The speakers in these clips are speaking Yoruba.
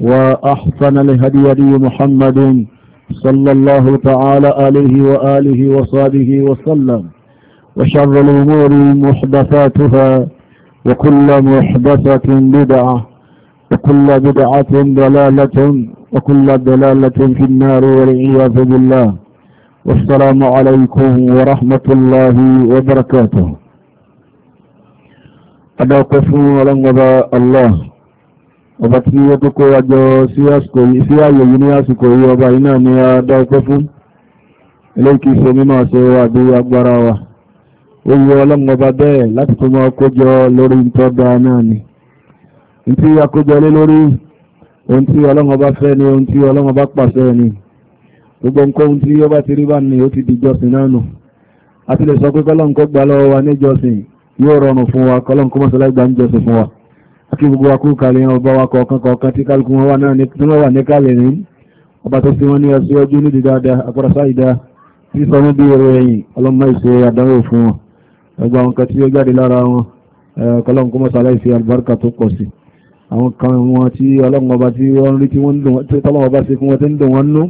وأحسن الهدي لي محمد صلى الله تعالى عليه وآله وصحبه وسلم وشر الأمور محدثاتها وكل محدثة بدعة وكل بدعة ضلالة وكل ضلالة في النار والعياذ بالله والسلام عليكم ورحمة الله وبركاته أدعوكم ولنبا الله ọba tí ó tó kó wájọ sí ààyè yìí ní àsìkò yìí ọba yìí náà ni a dá ọpẹ́ fún eléyìí ṣe mímọ̀ ṣe àbí agbára wa ó yẹ ọlọ́run ọba bẹ́ẹ̀ láti tó máa kójọ lórí ìtọ́da náà ni ohun tí a kójọ lé lórí ohun tí ọlọ́run ọba fẹ́ ni ohun tí ọlọ́run ọba pàṣẹ ni gbogbo nǹkan tí ó ti rí bá ní ó ti di jọ́sìn náà nù a lè sọ pé kọ́lọ́nkọ́ gbà lọ́wọ́ wa níjọ́sìn yóò rọrùn fún wa kọ́lọ́nkọ́ mọ́sálá kí gbogbo akúkalẹ̀ ọba wa kọ̀ọ̀kan kọ̀ọ̀kan tí kálukú wọn wà náà ní tí wọ́n wà ní kálẹ̀ ní ọba tó sí wọn ní ọsí ọjọ́ nídìí dáadáa àpọ̀rọ̀sá ìdá tí sọ wọn bí ẹrọ ẹ̀yìn ọlọ́mọ ìṣe àdánwò fún wọn ẹgbà wọn kan tí ó jáde lára wọn kọlọ́n kó mọ́sálá ìṣe àlùbáríkà tó pọ̀ sí àwọn kan wọn tí ọlọ́mọ ọba tí wọ́n rí tí tọ́lọ́mọ ọba ṣe fún wọn tí ń dùn wọn nú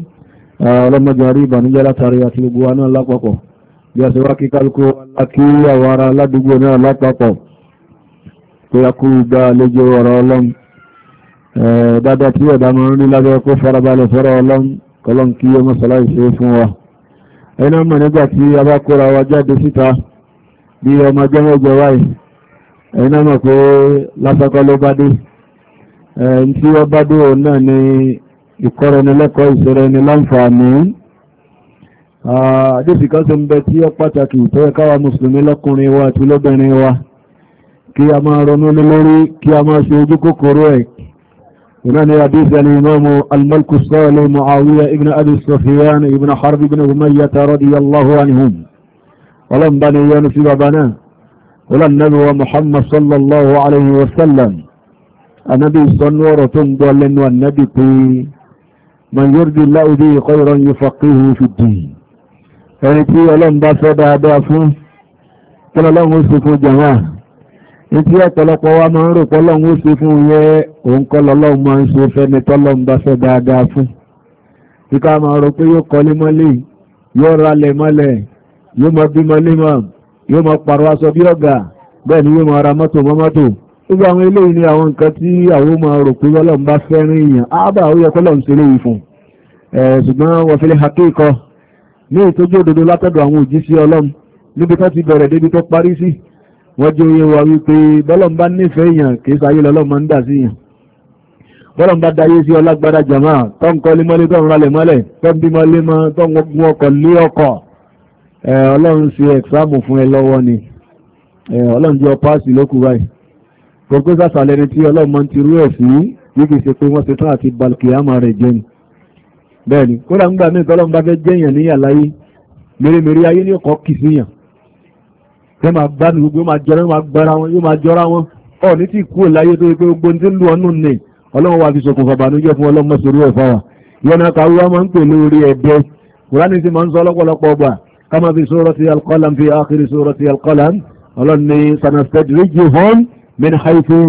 ọlọ́mọ tó yá kó gbá lójú ọ̀rọ̀ ọlọ́m dáadáa tí ọ̀dà máa ń rí lábẹ́ kó farabalẹ̀ sọ́rọ̀ ọlọ́m kọlọ́m kí ọmọ sọ́lá ìṣe fún wa ẹni ọmọ nígbà tí a bá kóra wa jáde síta bí ọmọ ọjọ́ mẹ́jọ wáyé ẹni ọmọ pé lásàkọ́ ló bá dé ẹni tí kí a máa ronú lórí kí a máa ṣe ojú kòkòrò ẹ̀ هنا حديث عن الإمام الملك الصالح معاوية ابن أبي السفيان ابن حرب ابن أمية رضي الله عنهم ولم بني ينسي بنا ولن نبو محمد صلى الله عليه وسلم النبي صنورة ضل والنبي قي من يرضي الله به خيرا يفقهه في الدين يعني في ولن بس بابا فيه كلا لهم سكو جماعه nítí ọ̀pọ̀lọpọ̀ wa máa ń rò pọ́lọ́hún ó ṣe fún yẹ òun kọ́ lọ́lọ́hún máa ń ṣe fẹ́ni tọ́lọ́hún bá fẹ́ dáadáa fún tí ká máa rò pé yóò kọ́lé mọ́lé yóò ralẹ̀ mọ́lẹ̀ yóò máa bímọ nímọ̀ yóò máa pàrọ̀ aṣọ bí ọ̀gá bẹ́ẹ̀ ni yóò máa ra mọ́tò mọ́ mọ́tò gbogbo àwọn eléyìí ni àwọn nǹkan tí àwọn máa rò pé lọ́lọ́hún bá fẹ́ rí èèyàn ábà ó àwọn òjíṣẹ́ wọ́n jẹ́ oyé wa wípé bọ́lọ̀n bá nífẹ̀ẹ́ èèyàn kìí sáyé lọ́lọ́ máa ń dà sí yàn bọ́lọ̀n bá dáyé sí ọlágbádá jàmá tó ń kọ́lé mọ́lé tó ń ralẹ̀ mọ́lẹ̀ tó ń bímọ lé mọ́ tó ń gun ọkọ̀ lé ọkọ̀ ọlọ́run ṣe ẹ̀sáàmù fún ẹ lọ́wọ́ ni ọlọ́run jẹ́ ọpáàsì lókù báyìí gbogbo sàṣàlẹ̀ ni tí ọlọ́run máa ń ti rú ẹ̀ sí bí kì í ṣe pé wọ́n ṣe tán àti balùkìyàmà rẹ̀ jẹ́ ni bẹ́ẹ̀ ni kódà ń gbà mí tọ́lọ́run fẹ́ jẹ́yàn níyà láyé mèremère ayé ní ọkọ̀ kìsíyàn yóò máa gbá ní gbogbo yóò máa gbára wọn yóò máa jọra wọn ọ̀ ní tí kú láyé tó yẹ pé gbogbo tí ń lu ọnù ní ọlọ́run wà fi ṣokùnfà bànújẹ́ fún ọlọ́mọ sórí ẹ̀fà wa ìyọ́nà kàwé wa máa ń pè lórí ẹ̀dẹ́ kùránì sì máa ń sọ lọ́pọ̀lọpọ̀ ọgbà kama fi surati al-qalam fi akhiri surati al-qalam ọlọ́run ní sanastadrijuhum min haythu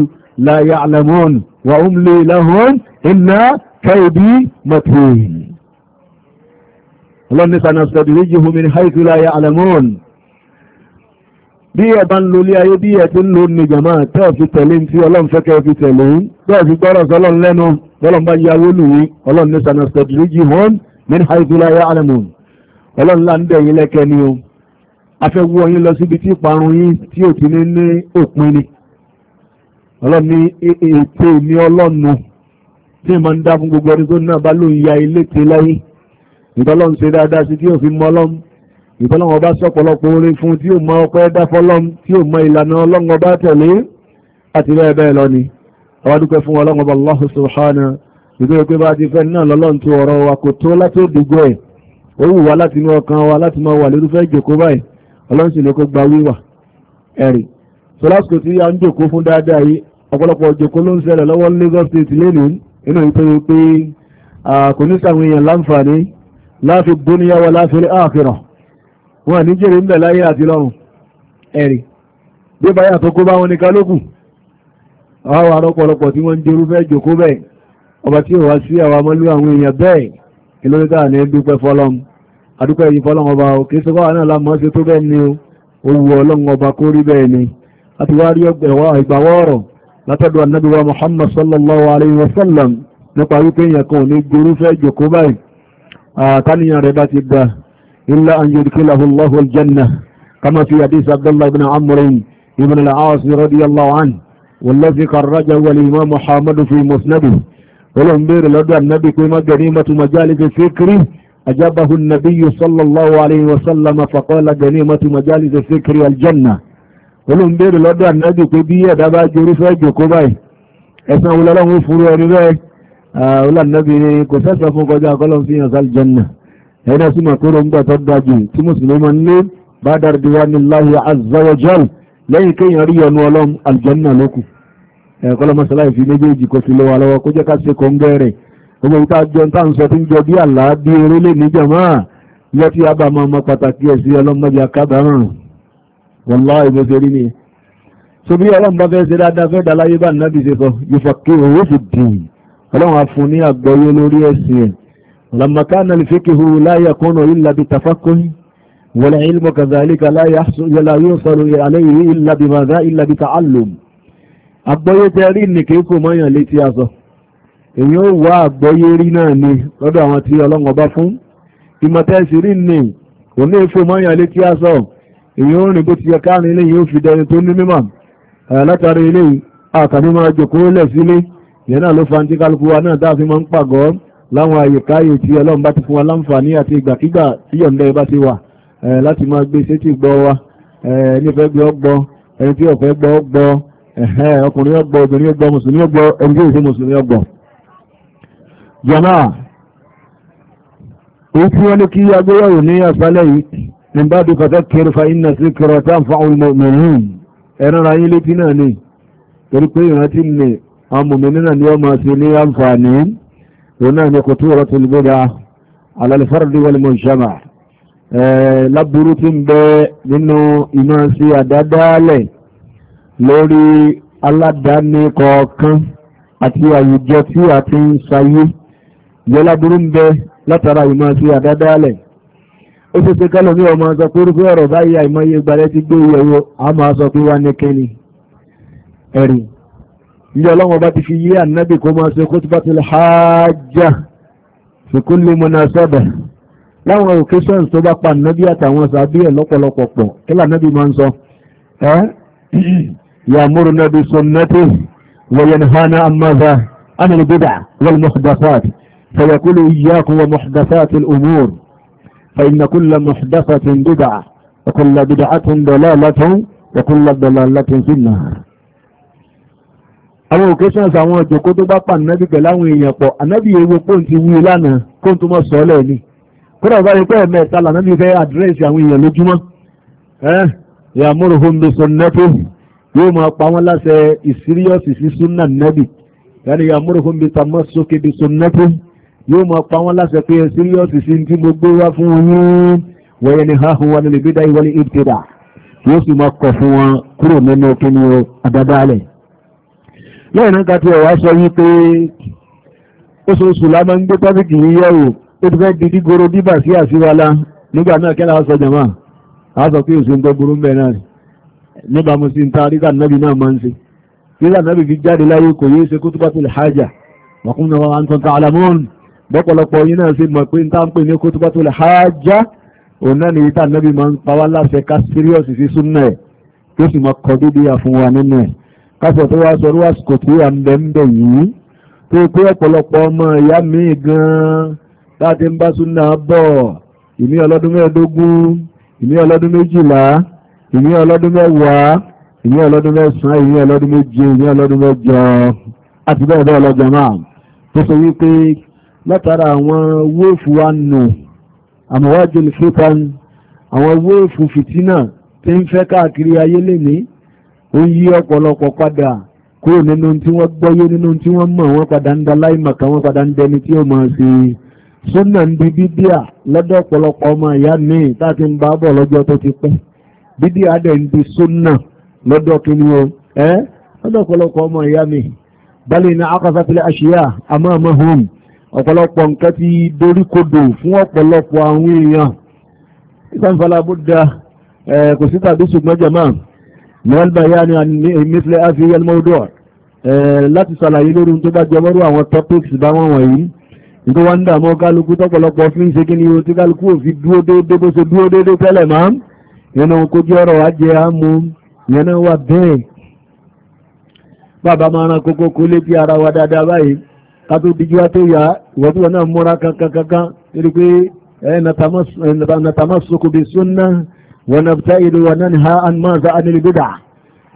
la ya'lamun wa umli lahum inna kaydi matin ọlọ́run ní sanastadrijuhum min haythu la ya'lamun bí ẹ bá ń lo ilé ayé bí ẹ ti ń lo ní jàmáà tẹ́ ọ̀ fi tẹ̀lé ní tí ọlọ́run fẹ́ kẹ́ fi tẹ̀lé ń tẹ́ ọ̀ fi gbọ́rọ̀ sí ọlọ́run lẹ́nu ọlọ́run bá yáwó nìyí ọlọ́run ní sanastadriji hon min haithula ya alamun ọlọ́run là ń bẹ̀ yín lẹ́kẹ́ ni o afẹ́wú ọyìn lọ síbi tí ìparun yín tí ò ti ní ní òpin ni ọlọ́run ní ètò mi ọlọ́run tí ìmọ̀ ń dá fún gbogbo ọdún tó náà ìtọ́lọ́wọ́ bá sọ́pọ̀lọpọ̀ orin fún tí ó mọ ọpẹ́ dáfọ́lọ́m tí ó mọ ìlànà ọlọ́ngọ bá tẹ̀lé àti bẹ́ẹ̀ bẹ́ẹ̀ lọ ni àwọn fún ọlọ́ngọ bá Allahu subhanahu ìgbéyàwó pé bá ti fẹ́ náà lọ́lọ́n tó ọ̀rọ̀ wa kò tó láti òdìgbò ẹ̀ ó wù wá láti inú ọkàn wa láti máa wà lórúfẹ́ ìjòkó báyìí ọlọ́run sì lè kó gba wíwà ẹ̀rì tó lásìkò tí a ń jòkó fún wọn ní jèrè ń bẹ̀ láyé àti lọ́run ẹ̀rì bí báyà tó kó bá wọn ní kálókù àwọn àrọ́ pọ̀lọpọ̀ tí wọ́n ń jerú fẹ́ jòkó bẹ́ẹ̀ ọba tí ò wá sí àwọn amọ́lú àwọn èèyàn bẹ́ẹ̀ kí ló dá ní dúpẹ́ fọlọ́m adúpẹ́ yìí fọlọ́m ọba o kì í sọ báwa náà lámọ́ ṣe tó bẹ́ẹ̀ ni o owó ọlọ́run ọba kó rí bẹ́ẹ̀ ni a wá rí ìgbàwọ́ látọ̀dọ̀ Ànábì wa Muhammad sallallahu alayhi wa sallam nípa wípé èèyàn kan ò ní jerú jòkó báyìí àtàníyàn rẹ̀ bá ti dáa إلا أن يدخله الله الجنة كما في حديث عبد الله بن عمرو بن العاص رضي الله عنه والذي خرجه الإمام محمد في مسنده ولهم بير لدى النبي كما جريمة مجالس الفكر أجابه النبي صلى الله عليه وسلم فقال جريمة مجالس الفكر الجنة ولهم بير لدى النبي كبية دبا جريفة جكوباي أسنى ولا لهم فروا رباي أولا النبي كساسة فوق جاء قلهم في الجنة ẹ̀dá sí ma kóró ń gbà tó dájú tí mùsùlùmí ní bá dárdiwá ní láyé azawajal lẹ́yìn kéèyàn rí ọnu ọlọ́m aljanna lókù ẹ̀kọ́lọ́ masalai fi méjèèjì kò sí lọ́wọ́ lọ́wọ́ kó jẹ́ ká ṣe kóńgẹ́ rẹ̀ gbogbo ìta jọ tá ń sọ tí ń jọ bí àlá bí eré lè ní jàmá yọ tí a bá máa mọ pàtàkì ẹ̀ sí ọlọ́mọdé akábàárùn wallahi ìbò ṣe rí ni so bí ọlọ́run bá fẹ́ ṣe dáadáa fẹ́ لما كان الفقه لا يكون إلا بالتفقه والعلم كذلك لا يحصل لا يوصل عليه إلا بماذا إلا بتعلم àgbọ́yé tẹ́rí ní kí kò mọ́yàn létí aṣọ èyàn ó wá àgbọ́yé rí náà ni lọ́dọ̀ àwọn tí ọlọ́wọ́ bá fún ìmọ̀tẹ́sì rí ní kò ní èfò mọ́yàn létí aṣọ èyàn ó rìn bó ti yẹ káàrin ilé yóò fi dẹni tó ní mímọ̀ látàrí ilé àkàní máa jòkó lẹ̀ sílé ìyẹn náà ló fa ní kálukú wa náà dáa fi máa ń pàgọ́ láwọn àyíkáyè tí ọlọ́run bá ti fún wa láǹfààní àti ìgbàkígbà tí yọ̀ǹdẹ́ bá ti wà láti máa gbé sétí gbọ́ wa nífẹ̀ẹ́ gbé ọgbọ́ ẹni tí ọ̀fẹ́ gbọ́ ọgbọ́ ọkùnrin ọgbọ́ obìnrin ọgbọ́ mùsùlùmí ọgbọ́ ẹni tí ò sí mùsùlùmí ọgbọ́. jọ̀nà èyí tí wọ́n ní kí agbóyọ̀rò ní àṣálẹ̀ yìí ní bá dùn kiri fa iná sí kọrọ tá n fa ọmọ mẹ́rin ẹran onáà ní khutuuratul bid'ah ala al-fardi wal-mujtama' lábúrú tí ń bẹ nínú ìmọ̀ sí àdádálẹ̀ lórí aládàáni kọ̀ọ̀kan àti àwùjọ tí a ti ń sayé yẹ lábúrú ń bẹ látara ìmọ̀ sí àdádálẹ̀ ó ṣe ṣe kálọ̀ ní ọmọ sọ pé orúkọ ọ̀rọ̀ báyìí àìmọye gbalẹ́ ti gbé ìyẹ̀wò a máa sọ pé wá ní kẹ́ni ẹ̀rìn يلوم باتفي النبي كما في خطبة الحاجة في كل مناسبة لما يكسر سبق النبي تعمل سابيه لقو لقو قو كلا النبي منصر ها يأمر النبي سنته وينهانا عن ماذا عن البدع والمحدثات فيقول إياكم ومحدثات الأمور فإن كل محدثة بدعة وكل بدعة ضلالة وكل ضلالة في النهار àwọn occasions àwọn ìjòkó tó bá pa ànábì pẹ̀lú àwọn èèyàn pọ̀ ànábì ewu pọ́ùn ti wí lánàá kó n tó mọ̀ sọ ọ́lẹ̀ ni kódà bá rí pé ẹ̀mẹ́ta lànábì fẹ́ àdírẹ́sì àwọn èèyàn lójúmọ́ ẹ́ yàmúrò hondo sọ̀nẹ́tò yóò máa pa wọ́n láṣẹ ìsíríọ́sì sí súnà nẹ́bì yàrá yàmúrò hondo tamọ́ sókè bí sọ̀nẹ́tò yóò máa pa wọ́n láṣẹ pé ìsíríọ́sì sí ti gbogbo wá fún wọn wọ́yẹ ni hahun wa ni lè bí nínú kíni lẹ́yìn náà kàtí ọ̀wá sọ wípé oṣooṣù la máa ń gbé tọ́pìkì yìí yẹ̀wò ó ti fẹ́ di dígoro bíbà sí àṣíwálá nígbà náà kẹ́lá sọ jàmá a sọ pé òṣèlú tó burú bẹ́ẹ̀ náà nígbà mo sì ń ta rígà nábì náà máa ń ṣe rígà nábì fi jáde láyé kò yéé ṣe kutubatul haja wàkúnnà wa ń tọ́ta alamọ́ọ̀nù bọ́pọ̀lọpọ̀ yín náà ṣe mọ̀ pé ń tá ń pè ní kutubatul haja òun náà nìyí tá nábì máa ń pa wá láṣẹ ká síríọ̀sì sí súnmọ́ ẹ̀ tó sì máa kọ́ dédé àfún wa nínú ẹ̀ kásọ̀ tó wá sọ̀rọ̀ àsìkò tí wà ń bẹ̀ ń bẹ̀ yìí tó pé ọ̀pọ̀lọpọ̀ ọmọ ìyá mi gan-an láti ń bá súnà bọ̀ ìmí ọlọ́dún mẹ́ẹ̀ẹ́dógún ìmí ọlọ́dún méjìlá ìmí ọlọ́dún mẹ́wàá ìmí ọlọ́dún mẹ́sàn-án ìmí ọlọ́dún méje ìmí ọlọ́dún mẹ́jọ àti bẹ́ẹ̀ bẹ́ẹ̀ lọ́jọ́ náà tó sọ wípé látara àwọn wóòfù wa nù àmọ́wájú ní fífan àwọn wóòfù fìtínà tí ń fẹ́ káàkiri ayé lénìí ó yí ọ̀pọ̀lọpọ̀ padà kúrò nínú tí wọ́n gbọ́yé nínú tí wọ́n mọ̀ wọ́n padà ń da láìmọ̀ká wọ́n padà ń dẹni tí ó máa ṣe súnà ń di bídíà lọ́dọ̀ ọ̀pọ̀lọpọ̀ ọmọ ìyá mi táti ń bá bọ̀ lọ́jọ́ tó ti pẹ́ bídíà dẹ̀ ń di súnà lọ́dọ̀ kíni o ẹ́ lọ́dọ̀ ọ̀pọ̀lọpọ̀ ọmọ ìyá mi balẹ̀ ní akọ́sàfilẹ̀ àṣìyà àmọ́ àmọ́ mẹ́lbàyáni àmìfilẹ̀ àfihàn mọ́dọ̀ láti sàlàyé lórí tó bá jẹmọ́rú àwọn topics bá wọ́n wọ̀nyí tó wá ń dàmọ́ kálukú tọ́pọ̀lọpọ̀ fi ń ṣe kí ni o tí kálukú ò fi dúó déédé bó ṣe dúó déédé tẹ́lẹ̀ máa ń yẹnà kojú ọ̀rọ̀ ajé àmú yẹnà wà bẹ́ẹ̀ bàbá máa ran kókó kó létí ara wa dáadáa báyìí ká tó dijú wá tó yá ìwọ́n tí wọ́n náà múra kankankan nítorí pé ẹ̀ nàtàmọ́sọkòbè sónà ونبتعد وننهى عن ماذا عن البدع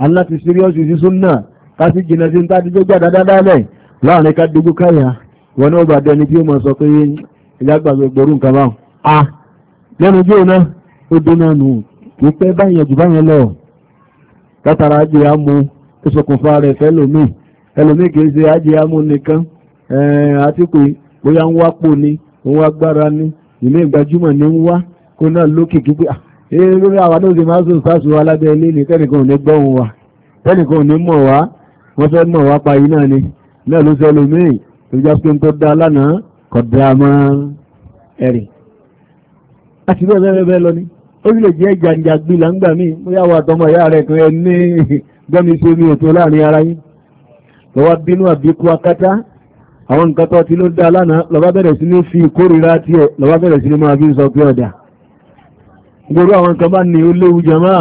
التي سيريوس في سنة قاسي جنازين تاتي جوجا دادا دالي لا نكاد دوجو كايا ونوبا داني بيوما سوقي ìlágbà gbogbo nǹkan bá a lẹ́nu jẹ́ iná ó dínà nù kí pẹ́ báyẹn jù báyẹn lọ látara ajé amú ó ṣokùnfà rẹ̀ fẹ́lòmí ẹlòmí kìí ṣe ajé amú nìkan àti pé bóyá ń wá pò ee lórí àwọn tó ti máa sùn sáàsù wa lábẹ́ ilé ni tẹ́nìkan ò ní gbọ́hùn wa tẹ́nìkan ò ní mọ̀ wá wọ́n fẹ́ mọ̀ wá payí ni náà ló sọ lómìn tó já àti bẹ́ẹ̀ bẹ́ẹ̀ lọ ni ó sì lè jẹ́ jàǹjàgbì làǹgbà míì bóyá wà tọmọ ìyá rẹ̀ kan ẹ ní gbọ́mi ṣe mi ètò láàrin ara yín lọ́wọ́ bínú àbíkú akátá àwọn nǹkan tó ti ló dá lánàá lọ́wọ́ bẹ̀rẹ̀ sí ní fi ìkórìíra tiẹ̀ lọ́wọ́ bẹ̀rẹ̀ sí ní máa fi sọ pé ọ̀dà gbogbo àwọn nǹkan bá ní ó jama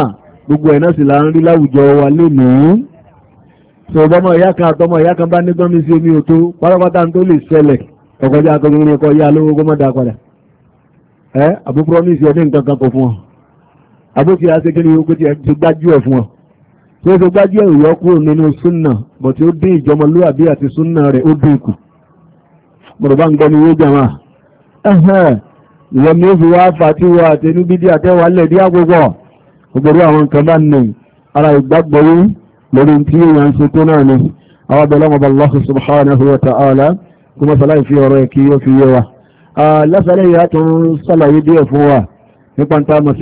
gbogbo ẹ̀ náà sì là ń rí láwùjọ wa lónìí sọ ọmọ ìyá kan àtọmọ ìyá kan bá ní gbọ́n mi sí omi òtó pátápátá tó lè ṣẹlẹ̀ ọkọjá akọgbìn ní ẹkọ lówó padà ẹ nǹkan ọ ó ti gbájú fún ọ ti gbájú kúrò nínú súnà bọ̀ tí ó dín ìjọmọlúwàbí àti súnà rẹ̀ ó dín kù ń ìyẹn ni ó fi wá fàtíwọ àtẹnú bídí àtẹwà lẹ̀ dí àgbogbo ògbòrò àwọn nǹkan bá nì ara ìgbàgbọ́ yí lórí tí èèyàn ṣe tó náà ni àwọn abẹ́lẹ́ ọmọ Allah subhanahu wa ta'ala kó mọ́sálá ìfi ọ̀rọ̀ ẹ̀kí yóò fi yé wa lásàlẹ̀ yìí àtún sàlàyé díẹ̀ fún ta mọ̀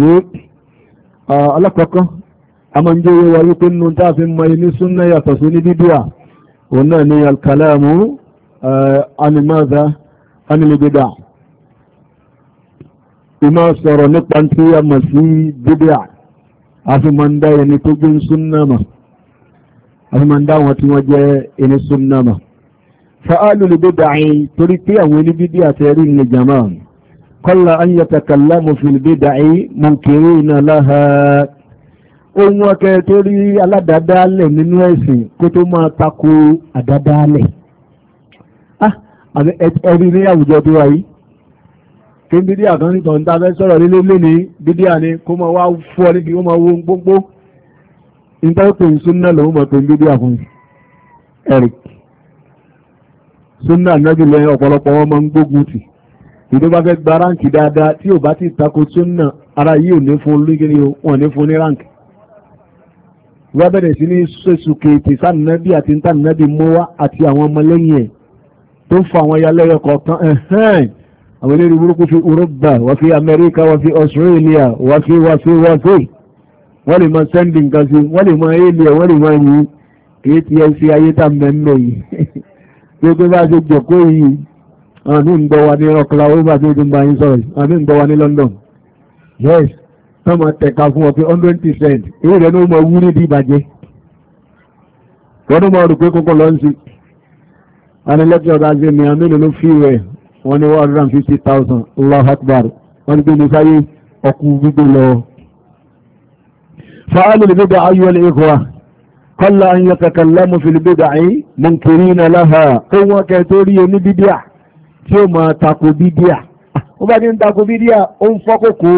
sí alákọ̀ọ́kọ́ amọ́njẹ́ owó wa wípé nínú tá a fi mọ inú súnná yàtọ̀ sí ní bídíà òun náà ni alkalamu animaza animibida ìmọ̀ sọ̀rọ̀ nípa tí a mọ̀ sí bídíà àfi máa ń dá ẹni tó gbé súnná mọ̀ àfi máa ń dá àwọn tí wọ́n jẹ́ ẹni súnná mọ̀ fa'álù lè bídíà torí pé àwọn oníbídíà tẹ́rí ní jama'a Kọla an yatakallamu fil bid'i munkirina laha ohun ọkẹ tó rí aládàádáálẹ̀ nínú ẹ̀sìn kó tó máa tako àdádáálẹ̀ ah, ẹ̀rí ní àwùjọ tó wáyé kí bídíà kan nítorí ta fẹ́ sọ̀rọ̀ ni kó máa wá fún ọ níbi wọ́n máa wó gbogbo nítorí pé súnà lòun mọ̀ pé bídíà fún ẹ̀rí súnà náà ọ̀pọ̀lọpọ̀ wọn máa ń gbógun ìdó bá fẹ́ gba ráǹkì dáadáa tí ò bá ti tako súnà ara yìí ò ní fún olúkiri wọn ní fún ní ráǹkì wọ́n bẹ̀rẹ̀ sí ní sẹ́sù kéètì sànàbí àti ntànàbí mọ́wá àti àwọn ọmọlẹ́yìn ẹ̀ tó ń fa àwọn ayálẹ́yọ kọ̀ọ̀kan ẹ̀hẹ́n àwọn eléré burúkú fi Europa wọ́n fi Amẹ́ríkà wọ́n fi Australia wọ́n fi wọ́n fi wọ́n fi wọ́n lè mọ sẹ́ndì nǹkan sí wọ́n lè mọ àmì ń gbọ́ wa ní Oklahoma bí ojú bá yín àmì ń gbọ́ wa ní London yes tó máa tẹ̀ka fún ọ pé hundred percent èyí rẹ̀ ló máa wúrí bí ìbàjẹ́ wọ́n tó máa rò pé kókó lọ ń sí anilẹ́tì ọ̀dà ṣe ní àmì nínú fí rẹ̀ ní one hundred and fifty thousand Allahu Akbar wọ́n ti gbé ní sáyé ọkù gbígbé lọ. fa'alu lè bíbá ayọ̀ lè kọ́ wa kọ́lá an yatakallamu fil bid'i munkirina laha kó wọ́n kẹ́ tí ó máa tako bídíà ó bá ní ń tako bídíà ó ń fọ́ kòkó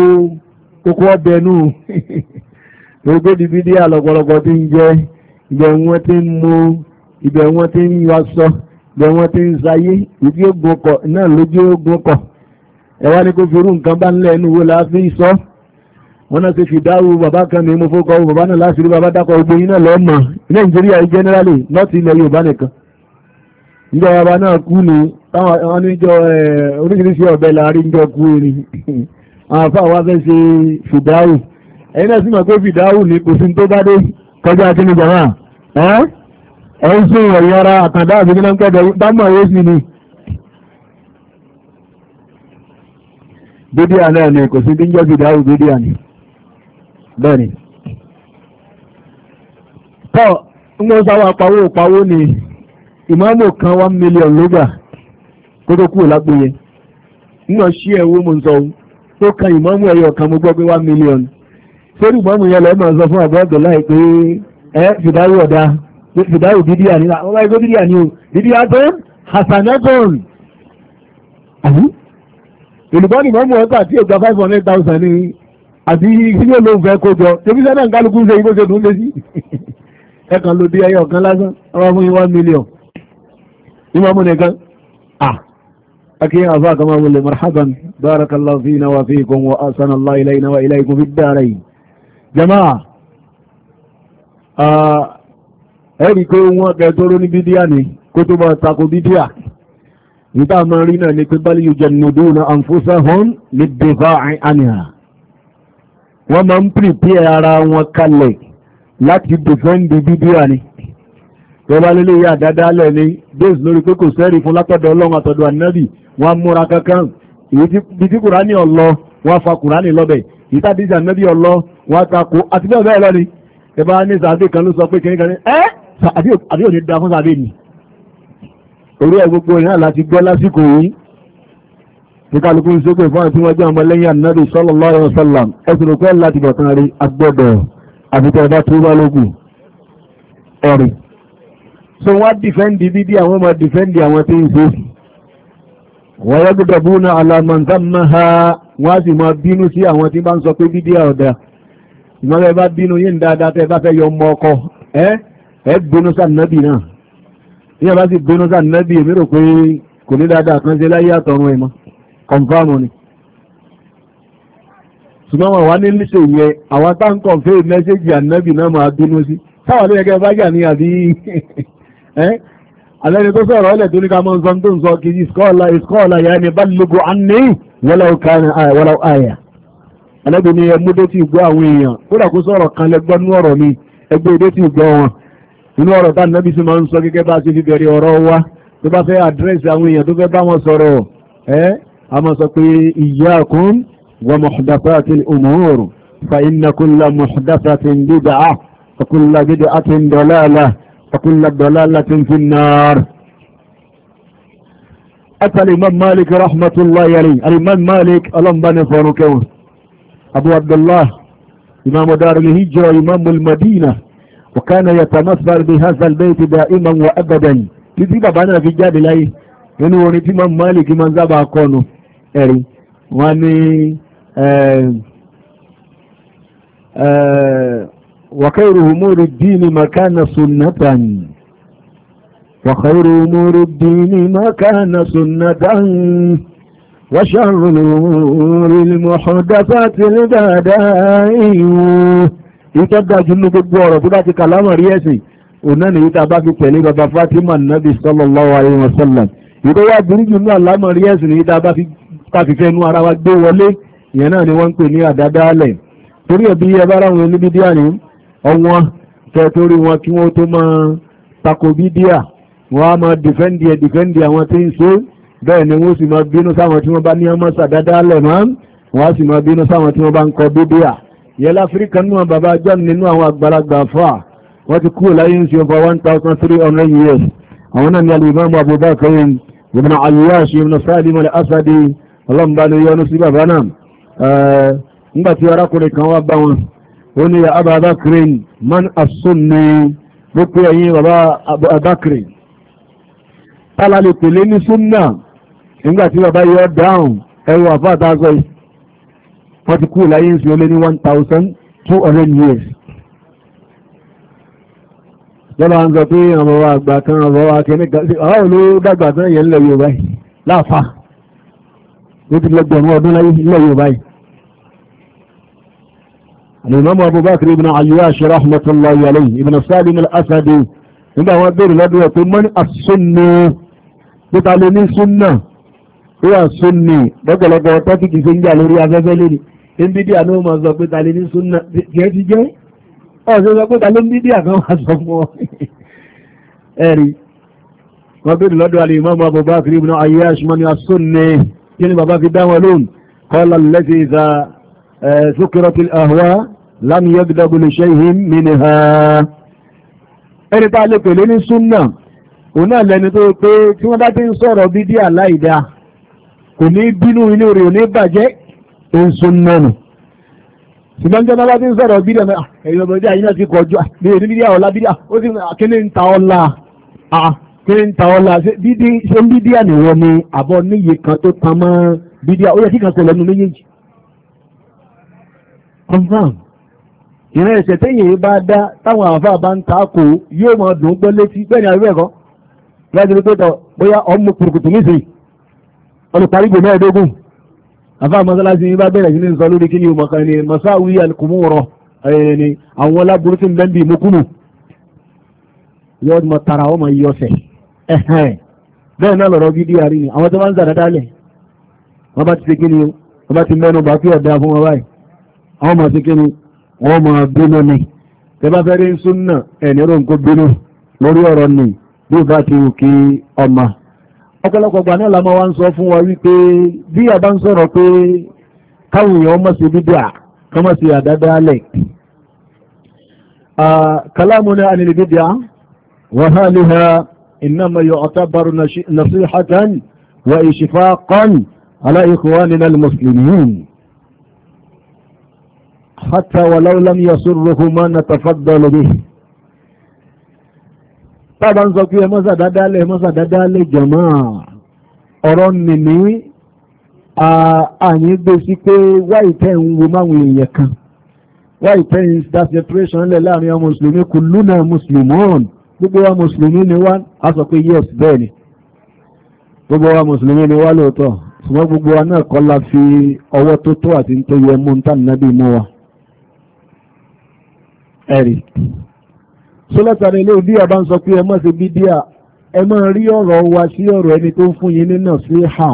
kòkó ọbẹ̀ nù gbogbo di bídíà lọ́pọ̀lọpọ̀ tí ń jẹ ibẹ̀ wọ́n ti ń mú ibẹ̀ wọ́n ti ń yọ aṣọ ibẹ̀ wọ́n ti ń sayé ìdí ogun ọkọ̀ náà lójú ogun ọkọ̀ ẹ̀wá ni kò fi orú nǹkan bá ńlẹ̀ ẹnu wo la fi sọ wọ́n náà ti fi dáwọ́ bàbá kan ní mo fọ́kọ́ bàbá náà láti rí bàbá dákọ̀ gbogbo yín náà lọ́ọ́ mọ̀ Nàìjíríà generally not ilẹ̀ Yorùbá nìkan nígbà bàbá náà kú ni táwọn àwọn níjọ oríṣiríṣi ọ̀bẹ láàrin níjọ kú erin àwọn afá wa fẹ́ ṣe fìdáhù ẹ̀yin náà sì mọ̀ pé fìdáhù ní kò sí tó bá dé kọjá kíni jàmá ẹ̀ ẹ̀ ń sún ìwọ̀nyí ara àkàndá àti kíni kẹ́dẹ̀ dámọ̀ yóò sì ni. bídíà náà ni kò sí díjọ́ fìdáhù bídíà ni bẹ́ẹ̀ ni. tọ́ ń gbọ́ sáwọ́ apawó òpawó ni ìmáàmù kan one million ló gbà kó tó kúrò lágbo yẹn nínú ṣí ẹ̀wọ́ mo ń sọ ohun tó kan ìmọ̀mù ẹ̀yọ̀ kan mo gbọ́ pé one million sórí ìmọ̀mù yẹn lọ́ọ́ máa sọ fún àbúrò Abdullahi pé ẹ fìdáwì ọ̀dà fìdáwì dídí àní àwọn ọmọ ẹgbẹ́ dídí àní o dídí àtọ́n hasanaton olùbọ́n ni mọ̀mù ọ̀gbà tí ègbà five hundred thousand ni àti ilé olóhùn fẹ́ kó jọ tèmi sẹ́nà ń ṣe ibo ṣe dùn lé sí ẹ̀kan ló dé ẹyọ kan lásán ọmọ fún yín one million ìmọ̀mù nìkan. أكي أفاك مولي مرحبا بارك الله فينا وفيكم وأحسن الله إلينا وإليكم في الدارين جماعة ẹ̀rí pé wọ́n kẹtọ́rọ ní bídíà ní kó tó bá tako bídíà níta ma rí náà ní pé bali yujanniduna anfusahum lid-difa'i anha wọ́n ma ń pìrìpì ara wọn kalẹ̀ láti dìfẹ́ǹdì bídíà ní tó bá lélẹ̀ yà lẹ̀ ní bẹ́ẹ̀sì lórí pé kò sẹ́rí fún látọ̀dọ̀ ọlọ́run àtọ̀dọ̀ ànábì wọ́n múra kankan ìbí tí kùránì ọ̀lọ́ wọ́n fa kùránì lọ́bẹ̀ ìtàdíjà nẹ́bí ọ̀lọ́ wọ́n takò àti bẹ́ẹ̀ bẹ́ẹ̀ lọ́ni ẹ bá ní sàbẹ̀ kan ló sọ pé kìnìkan ní ẹ́ àbí òní da fún sàbẹ̀ ni orí ẹ̀ gbogbo ìrìn àlá ti gbọ́ lásìkò yìí ní kálukú ìṣókè fún àti wọ́n jẹ́ ọmọ lẹ́yìn ànábì sallallahu alaihi wasallam ẹ̀sùn òkú ẹ̀ láti bọ̀ kan rí agbọ́dọ̀ àbíkẹ́ ọba tó bá lókù ẹ̀rì so wọ́n á dìfẹ́ǹdì bíbí àwọn ọmọ dìfẹ́ǹdì àwọn tí ń ṣe wọ́n yẹ́gbẹ̀dọ̀ bú náà alamọ̀ntánmáha wọ́n á sì máa bínú sí àwọn tí bá ń sọ pé bídí ọ̀dà ìmọ̀lẹ́ ẹ bá bínú yín dáadáa tẹ́ ẹ bá fẹ́ yọ ọmọ ọkọ ẹ ẹ bínú sànnábì náà bí ẹ bá sì bínú sànnábì èmi rò pé kò ní dáadáa kan ṣe láyé àtọ̀run ẹ̀ mọ́ kọ̀ǹfàmù ni. ṣùgbọ́n wọn wá ní níṣe yẹn àwọn tá ń kọ̀ǹfẹ́ mẹ́sẹ́jì ànnábì alẹ́ni tó sọ̀rọ̀ ọ̀lẹ̀ tó ní ká mọ́ nsọ́ tó ń sọ kì í ìskọ́ọ̀lá ìskọ́ọ̀lá yà ni balùgbò àní wọ́lá àyà alẹ́bi ni ẹmú dé tí ìgbọ́ àwọn èèyàn kódà kó sọ̀rọ̀ kan lẹ́gbọ́ nú ọ̀rọ̀ mi ẹgbẹ́ dé tí ìgbọ́ wọn inú ọ̀rọ̀ tá nàbí sí máa ń sọ gẹ́gẹ́ bá ti fi bẹ̀rẹ̀ ọ̀rọ̀ wa tó bá fẹ́ àdírẹ́sì àwọn èèyàn tó fẹ́ وكل ضلالة في النار أتى الإمام مالك رحمة الله عليه الإمام مالك ألم بني فاروكو أبو عبد الله إمام دار الهجرة إمام المدينة وكان يتمثل بهذا البيت دائما وأبدا títí بنا في fi jáde إنه nínú orin tí Imam Malik máa ń sábà kọnu ẹ̀rí وخير أمور الدين ما كان سنة وخير أمور الدين ما كان سنة وشر الأمور المحدثات البدائع ìtọ́dájú ní gbogbo ọ̀rọ̀ tó dáti kàlámà rí ẹ̀sìn òun náà nìyí tá a bá fi pẹ̀lú bàbá Fatima nabi sallallahu alayhi wa sallam ìtọ́ wá burúkú ní àlámà rí ẹ̀sìn nìyí tá a bá fi káfífẹ́ inú ara wa gbé wọlé ìyẹn náà ni wọ́n ń pè ní àdádálẹ̀ torí ẹ̀bí ẹ bá ráwọn oníbídíà ni ọwọ́n tẹ́ torí wọn kí wọ́n tó máa tako bídíà wọ́n á máa dìfẹ́ǹdì ẹ̀ dìfẹ́ǹdì àwọn tí ń ṣe bẹ́ẹ̀ ni wọ́n sì máa bínú sáwọn tí wọ́n bá ní ọmọ sàdádá lẹ̀ mọ́ wọ́n á sì máa bínú sáwọn tí wọ́n bá ń kọ bídíà yẹlá áfíríkà nínú bàbá john nínú àwọn àgbàlagbà fà wọ́n ti kúrò láyé ń ṣe over one thousand three hundred years àwọn náà ni alimami abubakar ibn aliyash ibn salim al-asadi ọlọ́mbàlú yọnu sí bàbá náà nígbà tí arákùnrin kan ó ní Abu Bakr man as-sunni ló pé ẹ̀yìn bàbá Abu Bakr tálà lè pèlé ní súnà nígbà tí bàbá yọ dáhùn ẹrù àfáàtàgọ́ wọ́n ti kú láyé ń sin olé ní one thousand two hundred years lọ́la ń sọ pé àwọn àgbà kan àwọn akẹ́ni àwọn olówó dàgbà tán yẹn ń lẹ̀ Yorùbá yìí láàfà ó ti lọ gbọ̀nrún ọdún láyé ń lẹ̀ Yorùbá yìí الإمام أبو بكر بن عياش رحمة الله عليه ابن سالم الأسدي nígbà wọn bèèrè lọ́dún ọ̀pẹ́ mọ́ ní àsúnnù títà lè ní súnnà ó wà súnnì lọ́gbọ̀lọ́gbọ̀ tọ́kìkì ṣe ń jà lórí afẹ́fẹ́ lórí ndídí àná ó máa sọ pé ta lè ní súnnà jẹ́ ti jẹ́ ọ̀sẹ̀ sọ pé ta ló ń dídí àná wà sọ fún ọ. ẹ̀rí wọn bèèrè lọ́dún alẹ́ ìmọ̀ ọmọ Abubakar ibn Ayyash mọ́ ní àsúnnì kí ni bàbá fi dá wọn lóhùn kọ́lá lẹ́sẹ̀ ìta sókèrọtì ahwa lámì yagdabu li shay'in minha ẹni tá a lè pèlè ní súnà òun náà lẹni tó pé tí wọ́n bá ti ń sọ̀rọ̀ bídí àláìdá kò ní bínú inú rẹ̀ ò ní bàjẹ́ ń súnà nù ṣùgbọ́n jẹ́ bá ti ń sọ̀rọ̀ bídí àmì ẹ̀yìn ọmọdé àyín náà ti kọjú ah, ní èdè bídí ọ̀la bídí ó sì ah, kíní ń ta ọ̀la ah, kíní ń ta ọ̀la ṣé bídí àníwọ̀ ni àbọ̀ níye kan tó tan mọ́ bídí ó yẹ kí kan kò lọ́nu méjèèjì confam ìran ẹ̀sẹ̀ téèyàn yìí bá dá táwọn àǹfà bá ń ta kò yóò máa dùn gbọ́ létí bẹ́ẹ̀ ni àríwá ẹ̀kọ́ láti rí pẹ́tọ̀ bóyá ọmọ kùrùkùtù nísìnyí olùparígbò mẹ́ẹ̀ẹ́dógún àǹfà mọ́sálásí yìí bá bẹ̀rẹ̀ sí ní sọ lórí kí ni ìmọ̀ kan ni masáwí alkùmúrọ̀ ẹni àwọn aláburú tí ń bẹ́ ń bí ìmúkúnù yóò mọ tara ọmọ yìí ọ̀sẹ̀ bẹ́ẹ̀ náà lọ̀rọ̀ gidi àrí ni àwọn tó máa ń sàdádálẹ̀ wọ́n bá ti ṣe kí ni wọ́n bá àwọn máa ṣe kíni wọ́n máa bínú ni tẹ́bá fẹ́ rí súnà ẹ̀ní rò ń kó bínú lórí ọ̀rọ̀ ni bí ó bá ti wù kí ọmọ ọ̀pọ̀lọpọ̀ gbà náà la máa wá ń sọ fún wa wípé bí a bá ń sọ̀rọ̀ pé káwọn èèyàn mọ̀ sí bídíà kọ́ mọ̀ sí àdádálẹ̀ kalamuna anil bídíà wa haliha innama yu'tabaru nasihatan wa ishfaqan ala ikhwanina al-muslimin حتى ولو لم يسره ما نتفضل به tábà ń sọ pé ẹmọ́sà dádálẹ̀ ẹmọ́sà dádálẹ̀ jọmọ́ ọ̀rọ̀ nìní àyín gbé sí pé wáyé tẹ́ ń wo máwọn èèyàn kan wáyé tẹ́ ń dá separation lẹ̀ láàrin ọmọ mùsùlùmí kò lúnà mùsùlùmọ́ọ̀n gbogbo wa mùsùlùmí ni wá a sọ pé yes bẹ́ẹ̀ ni gbogbo wa mùsùlùmí ni wá lóòótọ́ ṣùgbọ́n gbogbo wa náà kọ́ la fi ọwọ́ tó tó àti tó yẹ mú ń tàn nábì mú wa ẹ̀rí sólátàrí eléyìí bí àbá ń sọ pé ẹ má ṣe bídíà ẹ máa rí ọ̀rọ̀ wa sí ọ̀rọ̀ ẹni tó ń fún yín nínà sí ha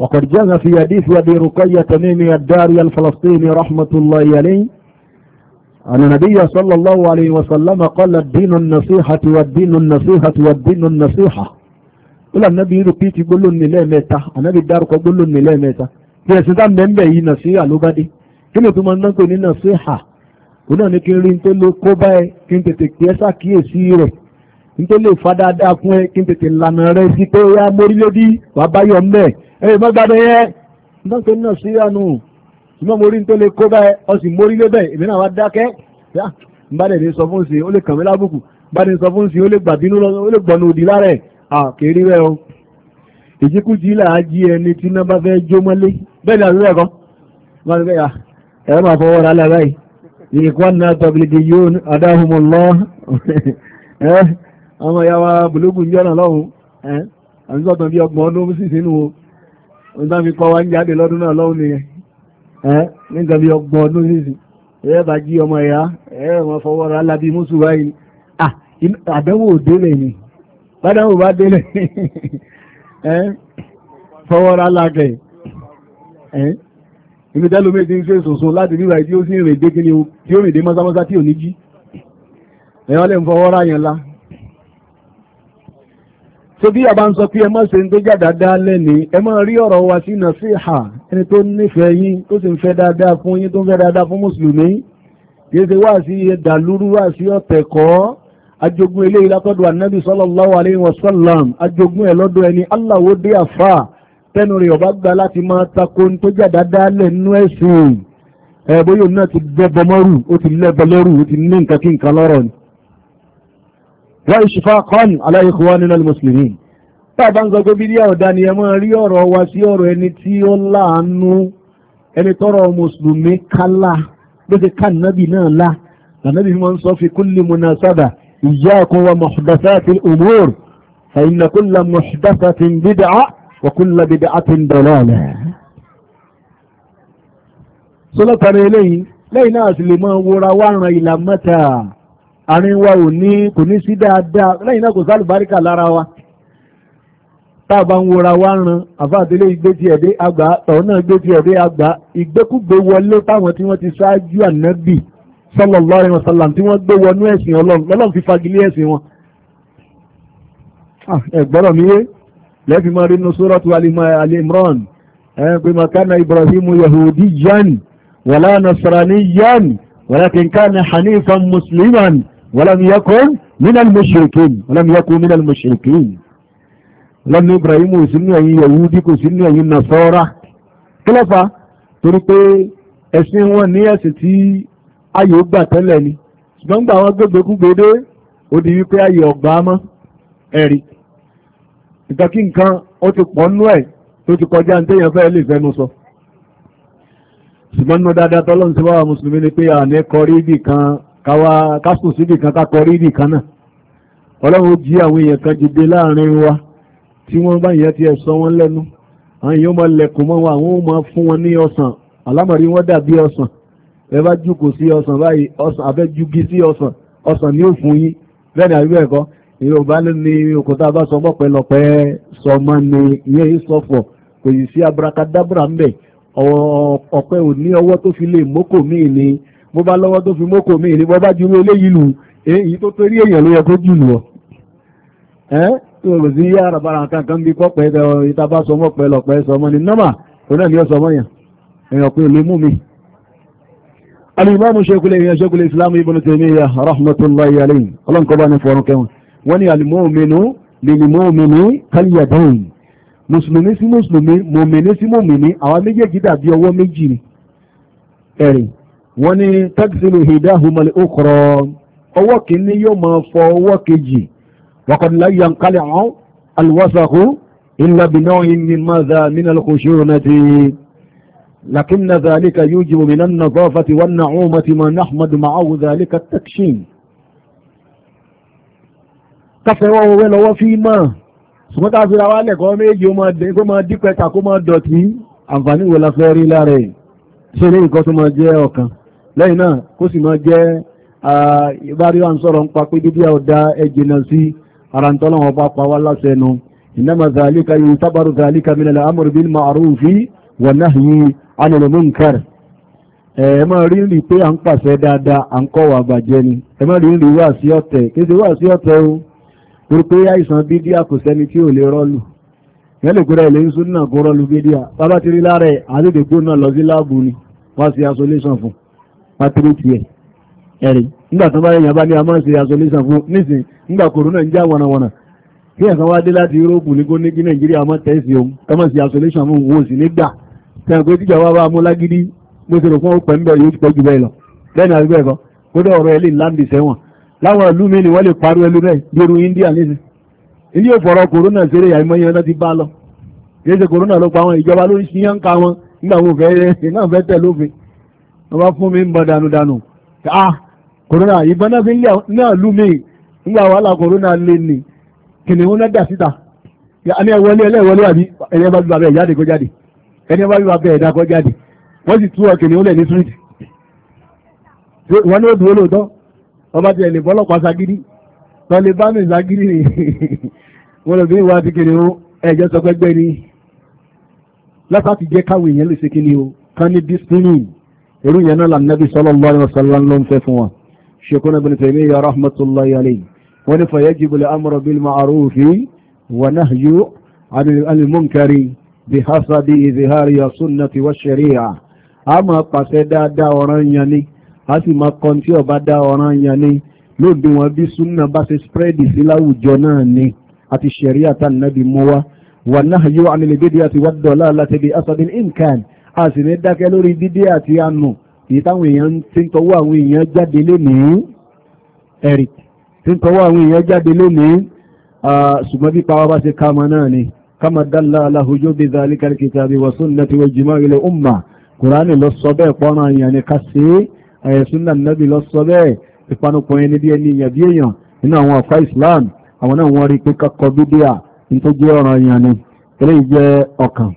وقد جاء في حديث أبي رقية تميمي الداري الفلسطيني رحمة الله عليه أن النبي صلى الله عليه وسلم قال الدين النصيحة والدين النصيحة والدين النصيحة ولا النبي رقيت يقول لهم لا ميتا النبي الدارق يقول لهم لا ميتا في أسدام نمبي نصيحة لبدي كما تمنى نقول نصيحة òun náà ni kí n rí n tó lè kó bá ẹ kí n tètè pẹ́ ṣàkíyèsí rẹ̀ n tó lè fa dáadáa fún ẹ kí n tètè lànà rẹ sí pé ya mórílẹ́dí wàá bá yọ mẹ́ ẹ má gbàdọ̀ yẹn n tó ń tẹ́ náà sí àánú ṣùgbọ́n mo rí n tó lè kó bá ẹ ọ sì mórílẹ́ bẹ́ẹ̀ èmi náà wá dákẹ́ n bá dẹ̀ ní sọ fún ṣe ó lè kàn mí lábùkù n bá dẹ̀ ní sọ fún ṣe ó lè gbàbínú lọ ó lè gbọ̀nù òdì lára ẹ̀ àkèrè rẹ o ìjíkújí là á jí ẹni tí iná bá fẹ́ jó mọ́lé bẹ́ẹ̀ ni àdúrà kan ẹ máa fọwọ́ ra lára yìí ìkwánná tabilidiyun adáhùmọ́lọ́ ọmọ yàwá bùlógún jọ́nà lọ́hùn àmìsọ́tàn bí ọgbọ̀n ọdún sí sínú ọdún fi kọ́ wa ń jáde lọ́dún náà lọ́hùn nìyẹn eh, nígbà bí ọgbọ̀n ọdún sí sí ẹ eh, bá jí ọmọ ẹ̀yà ẹ mọ fọwọ́ ra lábí mùsùn báyìí ah, àdánwò ibi tẹ́lómi ti ń ṣe sòsùn láti ríra tí ó sì rìn dé kíni o tí ó rìn dé mọ́sámọ́sá tí ò ní jí ẹ̀yọ́ lè ń fọwọ́ ra yẹn la. tó bí àbá ń sọ pé ẹ má ṣe ń tó jà dáadáa lẹ́ni ẹ má rí ọ̀rọ̀ wa sí nàṣíhà ẹni tó nífẹ̀ẹ́ yín tó sì ń fẹ́ dáadáa fún yín tó ń fẹ́ dáadáa fún mùsùlùmí kì í ṣe wá sí ẹ̀dàlúrú wá sí ọ̀tẹ̀ kọ́ ajogun eléyìí látọ̀dọ̀ ànábì sallallahu Allah wó dé tẹ́nu rẹ̀ ọba gba láti máa tako ní tó jà dáadáa lẹ̀ nínú ẹ̀sìn ẹ̀bóyò náà ti bẹ́bọ mọ́rù ó ti lẹ́bọ lọ́rù ó ti ní nǹkan kí nǹkan lọ́rọ̀ ni. wọ́n ìṣùfà kan aláìkúwá nínú mùsùlùmí bàbá ń sọ pé bí díà ọ̀dà ni ẹ máa rí ọ̀rọ̀ wa sí ọ̀rọ̀ ẹni tí ó láàánú ẹni tọrọ mùsùlùmí kálá bó ti ká nàbì náà lá lànàbì fi máa ń sọ fi kulli munasaba iyyakum wa muhdathatil umur fa inna kulla وكل بدعة ضلالة sọ́lọ́ tara eléyìí lẹ́yìn náà sì lè máa wora wá ran ìlà mẹ́ta àárín wa ò ní kò ní sí dáadáa lẹ́yìn náà kò sálùbáríkà lára wa tá a bá ń wora wá ran àfáàdélé ìgbé ti ẹ̀dẹ́ àgbà tọ̀hún náà gbé ti ẹ̀dẹ́ àgbà ìgbékúgbé wọlé táwọn tí wọ́n ti ṣáájú ànábì sallallahu alaihi wasallam tí wọ́n gbé wọnú ẹ̀sìn ọlọ́run lọ́lọ́run fi fagilé ẹ̀sìn wọn. Ah, ẹ̀gbọ́rọ̀ mi yé lẹ́fì máa rí nusratu alimran pé makana ibrahim yahudiyan wala nasraniyan walakin kana hanifan musliman walam yakun minal mushrikin walam yakun minal mushrikin lọ́nà ibrahim kò sínú ẹ̀yin yahudi kò sínú ẹ̀yin nasara kílọ́fà torí pé ẹ̀sìn wọn ní ẹ̀sìn tí ayò gbà tẹ́lẹ̀ ni ṣùgbọ́n wọn gbégbé kúgbédé ó wípé ayò ọ̀gbà mọ́ ẹ̀rí nǹkan kí nǹkan ó ti pọ̀ nú ẹ̀ tó ti kọjá ní téèyàn fẹ́ lè fẹ́nu sọ ṣùgbọ́n nínú dáadáa tọ́lọ́run sí wàhálà mùsùlùmí ni pé àní kọrí ibì kan káwa kásùn síbì kan ká kọrí ibì kan náà ọlọ́run ó jí àwọn èèyàn kan dìde láàrin wa tí wọ́n bá yẹn ti ẹ̀ sọ wọ́n lẹ́nu àwọn èèyàn máa lẹ̀kùn mọ́ wọn àwọn ó máa fún wọn ní ọsàn àlámọ̀rí wọn dàbí ọsàn ẹ bá jùkò sí ọsàn báyìí ọsàn yorùbá ló ní òkúta bá sọmọ pẹlọpẹ sọmọ ni ìyẹn yìí sọfọ kò yìí sí abrakadabra ńbẹ ọ̀pẹ ò ní ọwọ́ tó fi lè mókò míì ni bó bá lọ́wọ́ tó fi mókò míì ni bó bá ju eléyìí lù èyí tó torí èèyàn ló yẹ kó jù lù ọ. ẹ yóò sí arabara kankan bí pọpẹ ìta bá sọmọ pẹlọpẹ sọmọ ni nọmà òun náà ni ó sọmọ yẹn èèyàn pé olè mú mi. alimami sheikhul islam ibn taymiyyah rahmatulahi alayhi ọlọ́nkọ́ bá ní fọ́ọ̀rùn kẹwọn. wọ́n ní alimọ́ọ̀mẹ́nu lèlìmọ́ọ̀mẹ́ni kálíyàdáyìn mùsùlùmí sí mùsùlùmí mòmìnì sí mòmìnì àwọn méjèèjì dàbí ọwọ́ méjì ẹ̀rìn wọ́n ní tagsilu hidahumali okoro ọwọ́ kìíní yóò máa fọ ọwọ́ kejì wakọ̀dìlá yan kálí àwọn alùwàsàkó illa bináwìn ní maza nínú alkhushunati lakinna zalika yujibu minan nadafati wan na'umati ma nahmadu ma'ahu zalika takshin káfẹ́wọ́ owó lọ́wọ́ fi mọ̀ ṣùgbọ́n tá a fi ra wá lẹ̀kọ́ méjì kó máa dípẹ́ ta kó máa dọ̀tí àǹfààní wo la fẹ́ rí lára ẹ̀ ṣe ní nǹkan tó máa jẹ́ ọ̀kan lẹ́yìn náà kó sì máa jẹ́ ìbáríwá ń sọ̀rọ̀ ń pa pé bíbí ọ̀dà ẹ̀jìnà sí ara ń tọ́lọ́wọ́ bá pa wá láṣẹ ìnáma zàlíkà yìí tábàrù zàlíkà min al-amr bil ma'ruf wa nahyi 'anil munkar ẹ má rí rí pé à ń pàṣẹ dáadáa à ń kọ́ wà bàjẹ́ ni ẹ má rí rí wá sí ọ̀tẹ̀ kí ṣe wá sí ọ̀tẹ̀ o torí pé àìsàn bídíà kò sẹ́ni tí ò lè rọ́lù mẹ́lẹ̀kúrẹ́ ilé yusuf náà kó rọ́lù bídíà bàbá ti rí lára ẹ̀ àdédégbò náà lọ sí láàbù ni wá sí isolation fún pátíríkì ẹ̀ ẹ̀rí nígbà tó bá yẹn yàbá ní a máa ń ṣe isolation fún nísìn nígbà kòrónà ń já wọnàwọnà kí ẹ̀sán wá dé láti Yúróòpù ní kó ní kí Nàìjíríà máa tẹ̀sí òun ká máa ṣe isolation fún òun sì nígbà tẹ̀sán pé tíjà wá bá mú lágídí mo ṣe rò fún ọ̀pẹ̀ ń bẹ̀ yóò pẹ́ jù bẹ́ẹ̀ lọ lẹ́nu àbíbẹ̀ kódà ọ̀rọ̀ ẹ̀ lè sẹ́wọ̀n láwọn ìlú mi ni wọ́n lè parú ẹlú rẹ̀ yorùn India nísìn ilé òfòrò kòrónà ṣeré àìmọye ọ̀nà ti bá lọ kìí ṣe kòrónà ló pa wọn ìjọba ló ń ṣí yán ka wọn nígbà wọn fẹ́ náà fẹ́ tẹ̀ lófin wọn bá fún mi ń bọ danudanu ah kòrónà ìbọn náà fi ń lé náà lú mi nígbà wàhálà kòrónà lè nì kìnìún náà dà síta ẹni ẹ wọlé ẹlẹ́ wọlé àbí ẹni ẹ bá bí babẹ ìjáde kó jáde ẹni ẹ bá bí babẹ ẹ̀dá jáde wọ́n sì tú ọ kìnìún lẹ̀ ní street wọn ni ó dúró lóòótọ́ ọba tiẹ̀ lè bọ́lọ́pàá sagiri tọ́lé bá mi sagiri ni wọ́n lọ bí ìwà ti kiri o ẹ̀jẹ̀ sọ pẹ́gbẹ́ ni látàtì jẹ́ káwé yẹn lè ṣe kí ni o kan ní discipline irú yẹn náà lànàbí sallallahu alaihi wasallam ló ń fẹ́ fún wa Sheikhuna Ibn Taymiyyah rahmatullahi alayhi wọ́n ní fayajibu al-amru bil ma'rufi wa nahyu anil munkari bí hasabi izhari sunnati wa shari'a a máa pàṣẹ dáadáa ọ̀ràn yẹn ni a sì máa kọ́ tí ọba dá ọ̀ràn yẹn ni lóde wọn bí súnà bá ṣe spreadi sí láwùjọ náà ni àti ṣẹ̀rí àtànàbí mú wa wà náà yóò anilébédé àti wà dọ̀lá láti bí asadin incan a sì ní dákẹ́ lórí dídé àti ànù èyí táwọn èèyàn ti ń tọwọ́ àwọn èèyàn jáde lónìí ẹ̀rì tí ń tọwọ́ àwọn èèyàn jáde lónìí ṣùgbọ́n bí pàwọ́ bá ṣe kama náà ni kama dalla ala hujubi dhalika alkitabi wa sunnati wa le umma kùránì lọ sọ bẹ́ẹ̀ pọ́nà yẹn ni ẹ̀sùn náà nàbì lọ sọ bẹ́ẹ̀ ìpanupọ̀ ẹni bí ẹni èèyàn bí èèyàn nínú àwọn ọ̀fà Islam àwọn náà wọ́n rí pé kọ́kọ́ bíbíà ní tó jẹ́ ọ̀ràn èèyàn ni eléyìí jẹ́ ọkàn.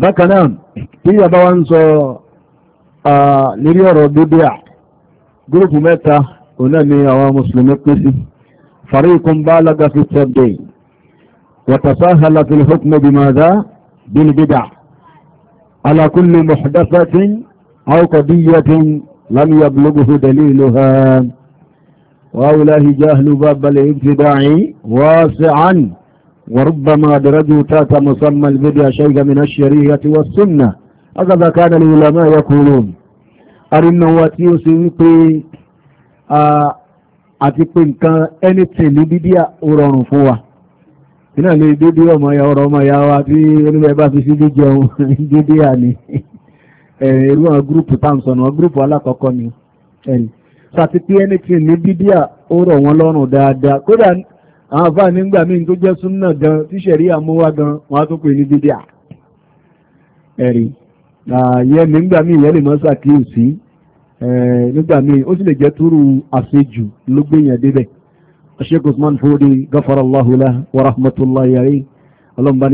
bákan náà bí yàrá wa ń sọ lérí ọ̀rọ̀ bíbíà gúrùpù mẹ́ta òun náà ni àwọn mùsùlùmí pín sí fariqun balaga fi tabdi wa tasahala fil hukmi bimadha bil bid'ah ala kulli أو قضية لم يبلغه دليلها وأولاه جهل باب الابتداع واسعا وربما درجوا تات مسمى البدع شيئا من الشريعة والسنة هكذا كان العلماء يقولون أرنا واتيو سيوكي àti pé nǹkan ẹni tèlú dídí ó rọrùn fún wa iná lè dédé ọmọ ya ọ̀rọ̀ ọmọ ya wa tí oníbẹ̀ bá fi sí jíjẹun dídí à ní irú àwọn gúrùpù tá à ń sọ gúrùpù ni ẹ̀rì sàti pé anything ní bídíà ó rọ̀ wọ́n lọ́rùn dáadáa kódà àwọn àfáà nígbà míì tó jẹ́ gan tí àmúwá gan wọ́n á tún pè ní bídíà ẹ̀rì ààyè nígbà míì lè mọ́ sàkíyèsí nígbà míì ó sì lè jẹ́ túrú àṣejù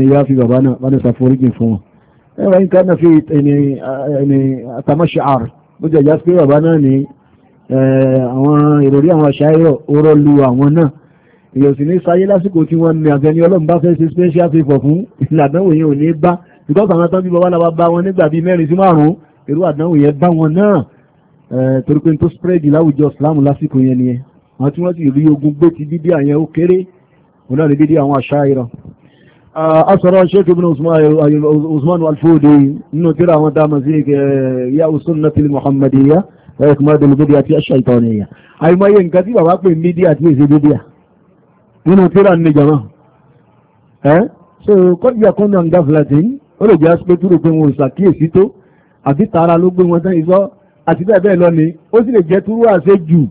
yáa fi bàbá náà bá ní وإن كان في يعني يعني تمشعر bójú ẹ̀já pé bàbá ني، ní àwọn ìròrí àwọn àṣàyọ̀ oró lu àwọn náà èyàn sì ní sáyé lásìkò tí wọ́n ní àgbẹ̀ni ọlọ́run bá fẹ́ ṣe special favour fún ìlàdánwò yẹn ò ní bá because àwọn tán bí bàbá làbá bá wọn nígbà bíi mẹ́rin sí márùn-ún irú àdánwò yẹn bá wọn náà torí pé tó spread láwùjọ Islam lásìkò yẹn nìyẹn àwọn tí wọ́n sì rí ogun gbé ti dídí àyẹn ó kéré òun náà ní dídí àwọn àṣàyọ̀ asọ̀rọ̀ sheik ibn usman alfudi nínú kíra àwọn dáma sí ya usunnatil muhammadiyya wa ikmadul bid'a àti ash-shaytaniyya àìmọye nǹkan tí bàbá pè mídíà àti èsì mídíà nínú kíra ní jama ẹ́ so kọ́díyà kan náà ń dá filatin ó lè jẹ́ aspect rò pé wọn ò ṣàkíyèsí tó àti tààrà ló gbé wọn tán ìsọ́ àti bẹ́ẹ̀ bẹ́ẹ̀ lọ ni ó sì lè jẹ́ túrú àṣẹ jù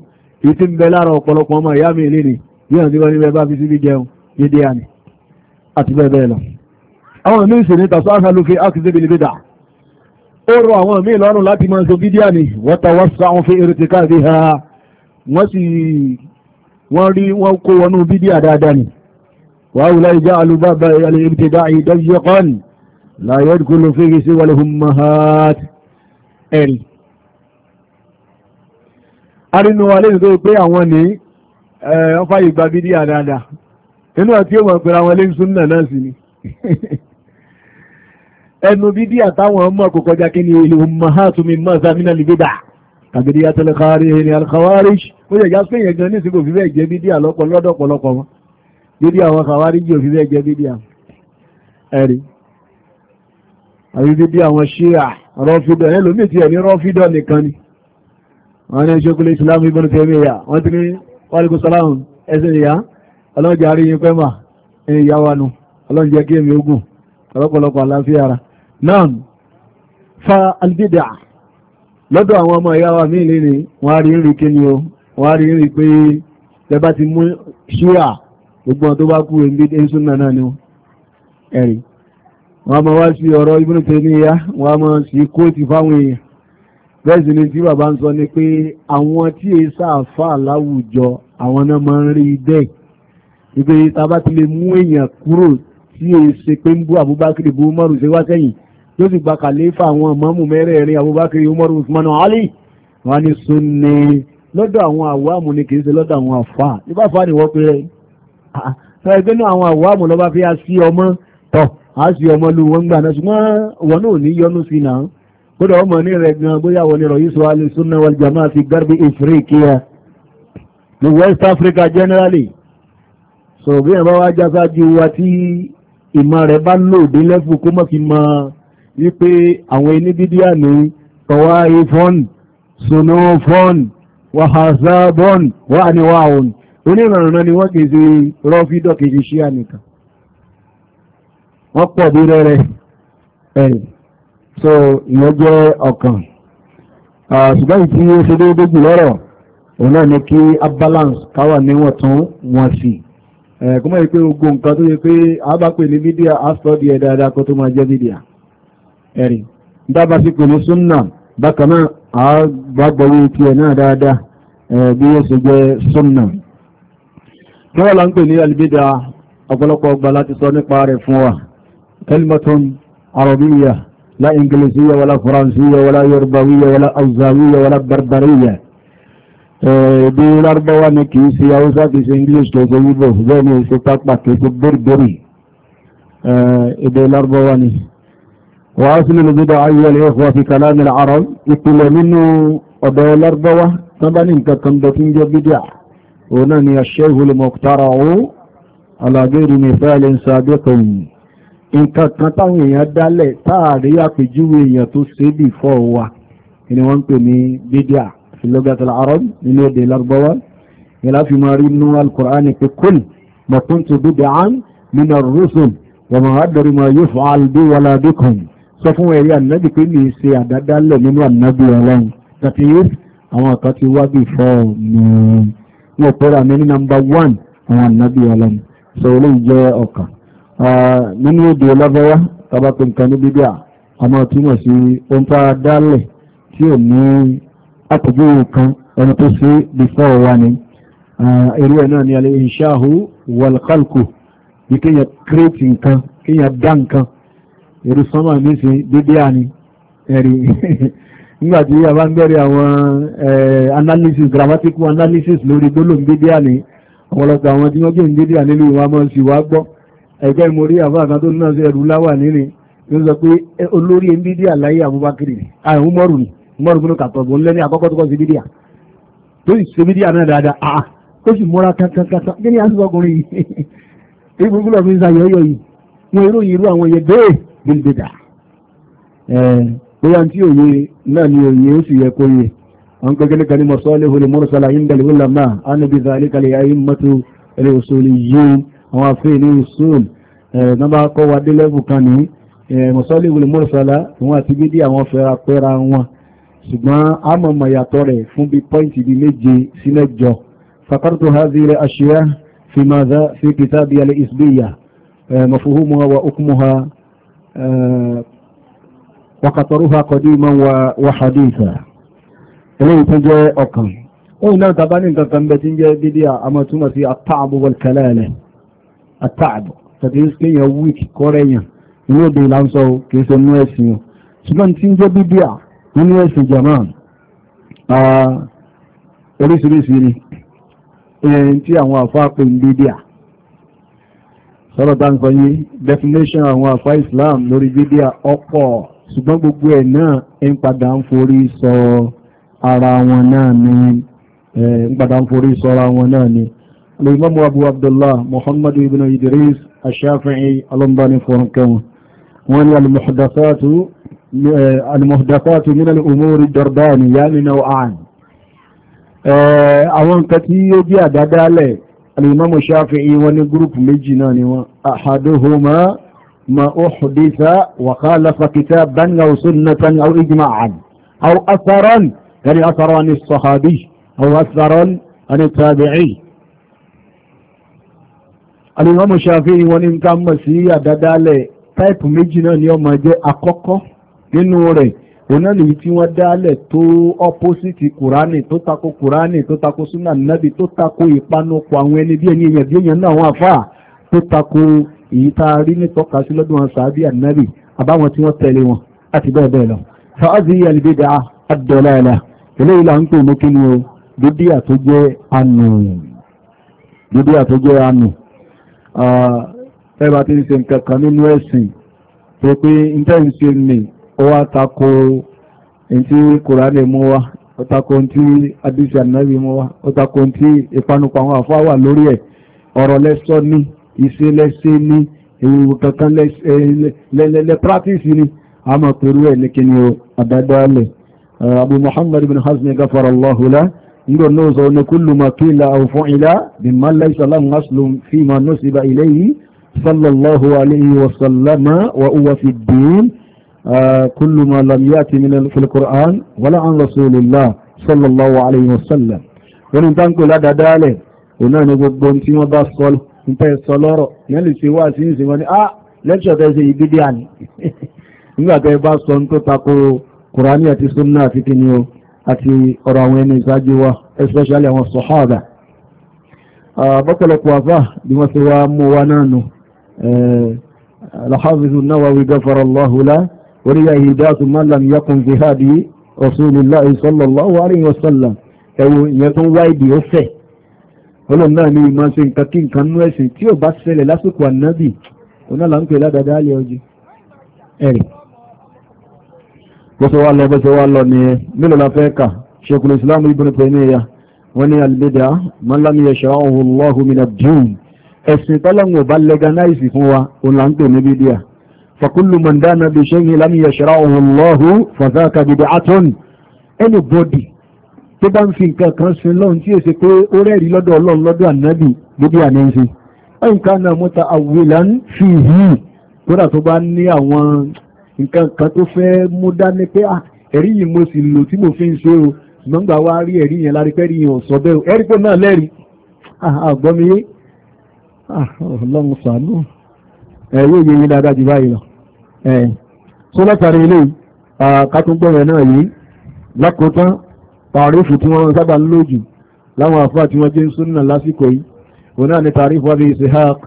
èyí ń bẹ lára ọ̀pọ̀lọpọ̀ ọmọ ìyá mi lé ni bí wọn ti lọ ní bẹ́ẹ̀ bá fi síbi jẹun dédé àná àti bẹ́ẹ̀ bẹ́ẹ̀ lọ àwọn míì sì ní tàṣọ àṣàlùfẹ àkìsẹ́bìlìbẹ̀dà ó rọ àwọn míì lọ́rùn láti máa sọ bídíà ni wọ́tawọ́sọ àwọn fi èrètìká bí ha wọ́n sì wọ́n rí wọ́n kó wọnú bídíà dáadáa ni wàhùlá ìjà alùbábà alẹ́bìtẹ̀dá ìdájọ́kọ́ni láyé kúlò fèrè sí wàlẹ̀ humahat ẹ̀rì arínú alẹ́ ìdó pé àwọn ní ọfà ìgbà bídíà dáadáa inú àti èèmọ̀ àpẹẹrẹ àwọn eléyìí súnà náà sì ni ẹnu bíbí àtàwọn ọmọ kò kọjá kí ni ummahatu mimma zamina libida tàbí yàtọ̀lẹ̀ kárí ẹni alkhawarij ó yẹ já pé yẹn gan ní ìsìnkú fífẹ́ jẹ́ bídíà lọ́pọ̀lọpọ̀ wọn bídí àwọn kàwáríjì ò fífẹ́ jẹ́ bídí àwọn ẹ̀rí àbí bídí àwọn ṣíà rọ́fídọ̀ ẹlòmíì ti ẹ̀ní rọ́fídọ̀ nìkan ni wọ́n ní ṣokùnlé Islam ibn Taymiyyah wọ́n ti ní wàlíkù sàlámù ẹ̀sìn ìyá ọlọ́jà rí yín pẹ́mà ẹ̀yìn ìyáwá ọlọ́jà kí èmi ogun ọlọ́pọ̀lọpọ̀ àlàáfíà ara náà fa albidà lọ́dọ̀ àwọn ọmọ ìyáwá mi lè ní wọ́n rí ń rí kíni o wọ́n ti mú gbogbo tó bá kú náà náà ni wọ́n wá sí ọ̀rọ̀ wọ́n sí kóòtù fáwọn èèyàn bẹ́ẹ̀ sì ni tí bàbá ń sọ ni pé àwọn tí sáà fà ìgbé tàbá ti lè mú èèyàn kúrò tí è ṣe pé ń bú Abubakar bu Umaru ṣe wá sẹ́yìn tó sì gba kàlífà àwọn ìmáàmù mẹ́rẹ̀ẹ̀rin Abubakar Umaru Usman Ali wọ́n ní sunni lọ́dọ̀ àwọn àwámù ni kìí ṣe lọ́dọ̀ àwọn àfà nígbà fà ní wọ́n pé rẹ̀ ṣe pé náà àwọn àwámù lọ́ba fi àṣì ọmọ tọ̀ àṣì ọmọ lu wọn gbà ṣùgbọ́n wọn náà ní yọnu sí sunna wal jamaa fi garbi West Africa generally sọ̀rọ̀ bí ẹ̀rọ wá jásájú wa tí ìmọ̀ rẹ̀ bá lòdì lẹ́fù kó mọ̀ fi mọ wípé àwọn ẹni bídíà ní tọwá ifon sonofon wahazabon wà ní wàhùn onírànràn ni wọ́n kìí rọ́fídọ̀ kìí ṣe ànìkà wọ́n pọ̀ bí rẹ́rẹ́ ẹ̀rì so ìyẹn jẹ́ ọ̀kan ṣùgbọ́n ìtí ó ṣe déédéé jù lọ́rọ̀ òun náà ni kí a káwà níwọ̀n tún wọ́n sí i kó mọ̀ pé ogun nǹkan tó yẹ pé a bá pè ní bídíà a sọ díẹ̀ dáadáa kó tó máa jẹ́ bídíà ẹ̀rì dábàá sí pèlú súnà bákan náà a gbàgbọ́ wí tiẹ̀ náà dáadáa bí ó ṣe jẹ́ súnà kí wọ́n la ń pè ní alìbídà ọ̀pọ̀lọpọ̀ ọgbà láti sọ nípa rẹ̀ fún wa kalimatun arabiya la ingilisiya wala faransiya wala yorùbáwíya wala awzawiya wala barbariya ẹ̀ẹ́dí lárúbáwá ni kìí ṣe haúsá kìí ṣe english tó ṣe yíbò bẹ́ẹ̀ ni ṣe pápá kìí ṣe bẹ́rẹ̀bẹ́rẹ̀ èdè lárúbáwá ni wà á sílẹ̀ lójúdọ̀ ayéwẹ̀lẹ̀ ẹ̀kọ́ fi kàlámì àrọ̀ ìpìlẹ̀ nínú ọ̀dọ̀ lárúbáwá sábà ní nǹkan kan bẹ̀ fún jẹ́ bídíà òun náà ni aṣẹ́ ìhulẹ̀ mọ̀kútàrà wọ́n pè ní bídíà fi lughat al-arab nínú èdè lárúbáwá ìlà fi máa rí inú al-Qur'ani pé kul ma kuntu bid'an min ar-rusul wa ma adri ma yuf'al bi wala bikum sọ fún ẹ̀rí ànábì pé mi ṣe àdádálẹ̀ nínú ànábì ọlọ́run tàbí àwọn kan ti wá bí fọ́ ní wọ́n pẹ́ra mi ní nọmba one àwọn ànábì ọlọ́run sọ olóyìn jẹ́ ọ̀kan nínú èdè ọlọ́fẹ́wá tabakọ̀ nǹkan ní bíbíà àmọ́ túmọ̀ sí ohun tá a dálẹ̀ tí ò ní àpòjú kan ẹni tó sí before wa ni irú ẹ̀ náà ni alẹ́ ìṣáhù wàlkálkù bí kíyàn kírètì nǹkan kíyàn dá nǹkan irú sánmà ní sí dédé àní ẹ̀rí nígbàtí a bá ń bẹ̀rẹ̀ àwọn analysis grammatical analysis lórí gbólóhùn dédé àní ọ̀pọ̀lọpọ̀ àwọn tí wọ́n gbé dédé àní lórí wọn máa ń wá gbọ́ ẹgbẹ́ ìmórí àbáàkan tó náà sí ẹ̀rú láwà nínú ló sọ pé olórí ń dédé àláyé àbúbákiri àìhúmọ́rù ni Umaru bin Khattab ń lẹ́ni àkọ́kọ́ tó kọ́ sí bídíà tó sì ṣe bídíà náà dáadáa àá tó sì múra kankankankan kí ni àṣìṣe ọkùnrin yìí ibi gbúdọ̀ fi ń sa yọ̀ọ́yọ̀ yìí wọn irú yìí irú àwọn yẹn gbé bíldìdà bóyá tí òye náà ni òye ó sì yẹ kó yẹ àwọn gbẹgẹlẹ kan ní mọ̀sọ́lẹ̀ olè mọ́rọ̀sọ́lá yìí ń dẹ̀lẹ̀ wọ́n lámà ánàbí zàlẹ́ kalẹ̀ ayé mọ́tò ẹ̀rẹ́ òṣòlì yìí àwọn afẹ́ ní òṣòl nọ́mbà kọ́ lẹ́bù kan ní mọ̀sọ́lẹ̀ olè mọ́rọ̀sọ́lá wọn àti gbé àwọn fẹ́ra pẹ́ra wọn ṣùgbọ́n a mọ̀ mọ̀ yàtọ̀ rẹ̀ fún bí pọ́ìntì bí méje sí mẹ́jọ fakartu hadhihi al-ashya fi madha fi kitabi al-isbiya eh, mafhumuha wa hukmuha eh, wa qataruha qadiman wa haditha eléyìí tó jẹ́ ọ̀kan òun náà tàbá ní nǹkan kan bẹ tí ń jẹ́ dídí àmọ́ túmọ̀ sí àtààbò wal kalala àtààbò tàbí kéèyàn wíìkì kọ́rẹ́yàn inú òde ìlànsọ kìí ṣe nú ẹ̀sìn ṣùgbọ́n tí ń jẹ́ dídí à nínú ẹ̀sìn jama oríṣiríṣi ni ẹ̀yìn tí àwọn àfáà pè ní bídíà sọ́rọ̀ tá ń sọ yí definition àwọn àfáà Islam lórí bídíà ọ̀pọ̀ ṣùgbọ́n gbogbo ẹ̀ náà ń padà ń forí sọ ara wọn náà ni ń padà ń forí sọ ara wọn náà ni lèmọ́mù abu abdullah muhammadu ibn idris ashafi'i alambani fọ́nkẹ́wọn wọ́n ni al المهدفات من الأمور الدردان يعني نوعان آه، أولا كتير بيا دادالي الإمام الشافعي واني جروب مجناني أحدهما ما أحدث وخالف كتابا أو سنة أو إجماعا أو أثرا يعني أثرا عن الصحابي أو أثرا عن التابعي الإمام الشافعي واني كان مسيح دادالي تايب مجناني وما جاء أقوكو nínú rẹ̀ òná tí wọ́n dálẹ̀ tó ọ́pósìtì kùránì tó tako kùránì tó tako súnà nàbì tó tako ìpanupọ̀ àwọn ẹni bí ẹni èèyàn bí èèyàn náà tó tako èyí tá a rí nítọ́ka sí lọ́dún wọn sàábì ànábì àbáwọn tí wọ́n tẹ̀lé wọn àti bẹ́ẹ̀ bẹ́ẹ̀ lọ. eléyìí là ń pè mú kí ni o dúdíà tó jẹ́ dúdíà tó jẹ́ ah, ẹ bá ti ń ṣe nǹkan kan ó wá tako ntí kùránì mú wá ó tako ntí adíṣẹ́ ànábì mú wá ó tako ntí ìpanupọ̀ àwọn àfáà wà lórí ẹ̀ ọ̀rọ̀ lẹ́sọ́ ní ìṣe lẹ́sẹ̀ ní ìwò kankan lẹ́lẹ́lẹ́ pírátìsì ni a mọ̀ pẹ̀lú ẹ̀ ní kíni àdádálẹ̀ abu muhammad ibn hazmi gafara allahu la ngbọ̀n náà sọ ní kullu ma qila aw fu'ila bimma laysa lahu aslun fima nusiba ilayhi sallallahu alayhi wa sallama wa huwa fi ddin كل ما لم يأتي من في القرآن ولا عن رسول الله صلى الله عليه وسلم ونن تنكو لا دالة ونن يقول تيما باسقل انت الصلاة نالي سوا سينسي واني اه lẹ́kṣọ̀ tẹ́ ṣe ìgbìdí àní nígbàtẹ́ bá sọ tó tako kùránì àti súnnà àti kìíní o àti ọ̀rọ̀ àwọn ẹni ìsájú wa especially àwọn sọ̀hádà bọ́pọ̀lọpọ̀ àfá bí wọ́n ti wá mú wa náà nù al-Hafiz an-Nawawi ghafara Allahu lahu وهي هداة من لم يكن بهادي رسول الله صلى الله عليه وسلم ẹ̀wọ̀ ìyẹn tó ń wá ìdí ó fẹ̀ ọlọ́run náà ni ìmọ̀ ṣe nǹkan kí nǹkan nú ẹ̀sìn tí ò bá ṣẹlẹ̀ lásìkò ànábì òun náà là ń ọjọ́ ẹ̀rì bó ṣe wá lọ bó ṣe wá lọ ni mélòó la fẹ́ kà ṣekùn islam ibùn tẹ̀míyà wọ́n ní alìbẹ̀dà mọ́lámi ẹ̀ṣọ́ ọ̀hún فكل من دان بشيء لم يشرعه الله فذاك بدعة anybody tó bá ń fi nǹkan kan sin lọ́run tí èsì pé ó rẹ́rìí lọ́dọ̀ ọlọ́run lọ́dọ̀ ànábì gbogbo àníyànjú nǹkan náà mọ́ta àwìlán fi yìí kódà tó bá ní àwọn nǹkan kan tó fẹ́ mú dání pé ah, ẹ̀rí yìí mo sì lò tí mo fi ń ṣe o nọ́ngbà wa rí ẹ̀rí yẹn lárí pẹ́rí yẹn ọ̀sọ́ bẹ́ẹ̀ ẹ̀rí pé náà lẹ́rìí ah, ah, yé ọlọ́run ẹ̀yẹ́ yìí ní dáadáa jù báyìí lọ ẹ̀yìn tó látàrí ilé kátúngbọ̀rẹ̀ náà yìí lákòótán tàrífù tí wọ́n sábà ń lò jù láwọn àfá tí wọ́n jẹ́ ń súnnà lásìkò yìí wọn náà ni tàrífù abi ishaq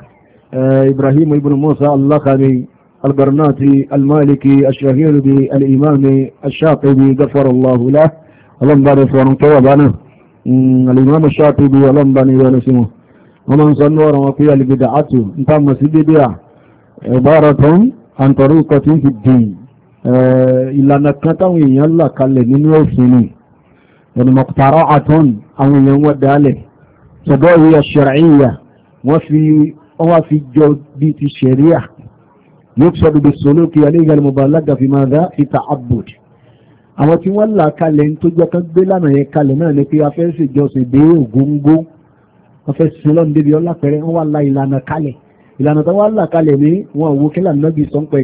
ibrahim ibn musa al-lakhami al-barnati al-maliki ash-shahir bi al-imami ash-shafi'i ghafara allahu lahu ọlọ́mbà rẹ̀ ibaratan an tariqatin fi din ìlànà kan táwọn èèyàn là kalẹ̀ nínú ẹ̀sìn ni ẹni mọ̀kútàrọ̀ àtọ́n àwọn èèyàn wọ́n dálẹ̀ ṣọ̀dọ̀ ìyà ṣẹ̀ríyà wọ́n fi wọ́n fi jọ bí ti ṣẹ̀ríyà yóò sọ́dọ̀ bí sọ́lọ́kì aléyìnbó mubalaga fi máa dá ìta abud àwọn tí wọ́n là kalẹ̀ ń tó jẹ́ kán gbé lánàá yẹn ìlànà tó wá là kalẹ̀ ní wọn òwò kílà nọ́bì sọ́npẹ̀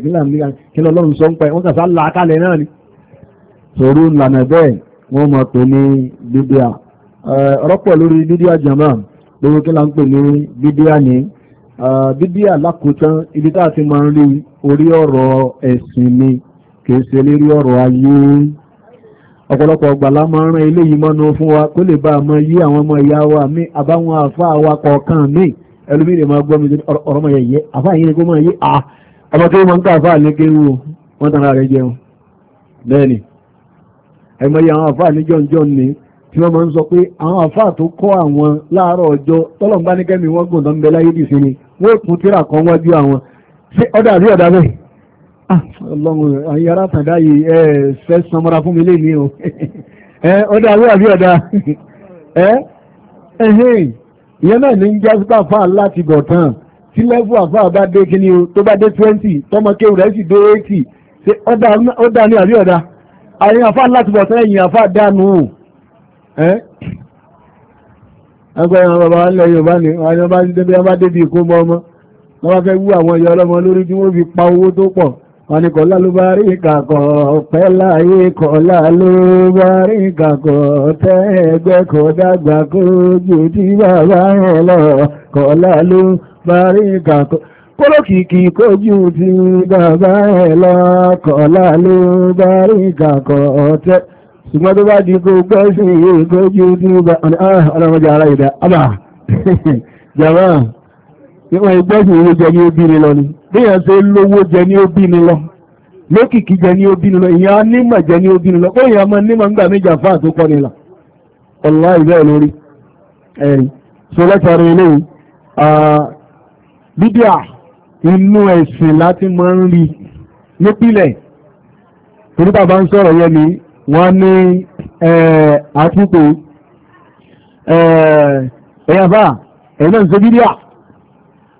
kílà ọlọ́run sọ́npẹ̀ wọ́n kàfà là náà ni sòrò ìlànà bẹ́ẹ̀ wọ́n mọ̀ pé ní bídíà rọ́pọ̀ lórí bídíà jama lórí kílà ń pè ní bídíà ní bídíà lákòótán ibi tá a ti máa ń rí orí ọ̀rọ̀ ẹ̀sìn ni kìí ṣe lérí ọ̀rọ̀ ayé ọ̀pọ̀lọpọ̀ ọgbàlá máa ń rán eléyìí mọ́nu fún wa kó lè bá a mọ yí àwọn ọmọ ìyá wa mí àbáwọn àfáà wa kọ̀ọ̀kan míì ẹlòmíì lè máa gbọ́ mi ọ̀rọ̀ máa yẹ yẹ àfa yìí kó máa yé a ọmọ tó máa ń ká àfa àlékè wò wọ́n tàn ara jẹun bẹ́ẹ̀ ni ẹ̀mọye àwọn àfa ní jọ̀njọ̀n ni tí wọ́n máa ń sọ pé àwọn àfa tó kọ́ àwọn láàárọ̀ ọjọ́ tọ́lọ̀ ń bá ní kẹ́mi wọ́n gùn tó láyé dì sí ni wọ́n kún tíra kan wájú àwọn ṣé ọ̀dà àbí ọ̀dà bẹ́ẹ̀ ah, ọlọ́run ayé arátàdá yìí ẹ fẹ́ sanmọ́ra fún mi lé mi o ọ̀dà àbí ọ̀dà ẹ ẹ̀hìn ìyẹn náà ní ń já sí pàfà láti gọ̀tàn tí lẹ́fù àfà bá dé kíní o tó bá dé twenty tọmọ kéwù rẹ̀ sì dé eighty ṣe ọ̀dà ní àbí ọ̀dà àyìn àfà láti gọ̀tàn ẹ̀yìn àfà dànù ẹ́ agbára àwọn bàbá ilẹ̀ Yorùbá ni àwọn ọba débi ikú mọ́ ọmọ wọ́n fẹ́ wú àwọn ìyá ọlọ́mọ lórí tí wọ́n fi pa owó tó pọ̀ wọ́n ní kọ́lá ló bá rí kàkọ́ pẹ́ láyé kọ́lá ló bá rí kàkọ́ tẹ́ ẹgbẹ́ kọ́ dàgbà kó jù tí bàbá rẹ̀ lọ kọ́lá ló bá rí kàkọ́ kólókìkì kójú tí bàbá rẹ̀ lọ kọ́lá ló kàkọ́ tẹ́ ṣùgbọ́n tó bá di kó gbẹ́sìn yìí kójú tí bàbá rẹ̀ lọ kọ́lá ló kàkọ́ tẹ́ ìwọ̀n ẹgbẹ́sìn owó jẹ ní ó ni lọ ni ṣe lówó jẹ ní nilọ, lọ lókìkí jẹ ní ó lọ jẹ ní ó lọ bóyá ọmọ nímọ̀ nígbà méjì àfáà lori, kọ́ ni là ìbẹ́ lórí ẹ̀rí so lẹ́tọ̀ọ̀rọ̀ lati bídíà inú ẹ̀sìn láti máa ń rí ni wọ́n ní àtúntò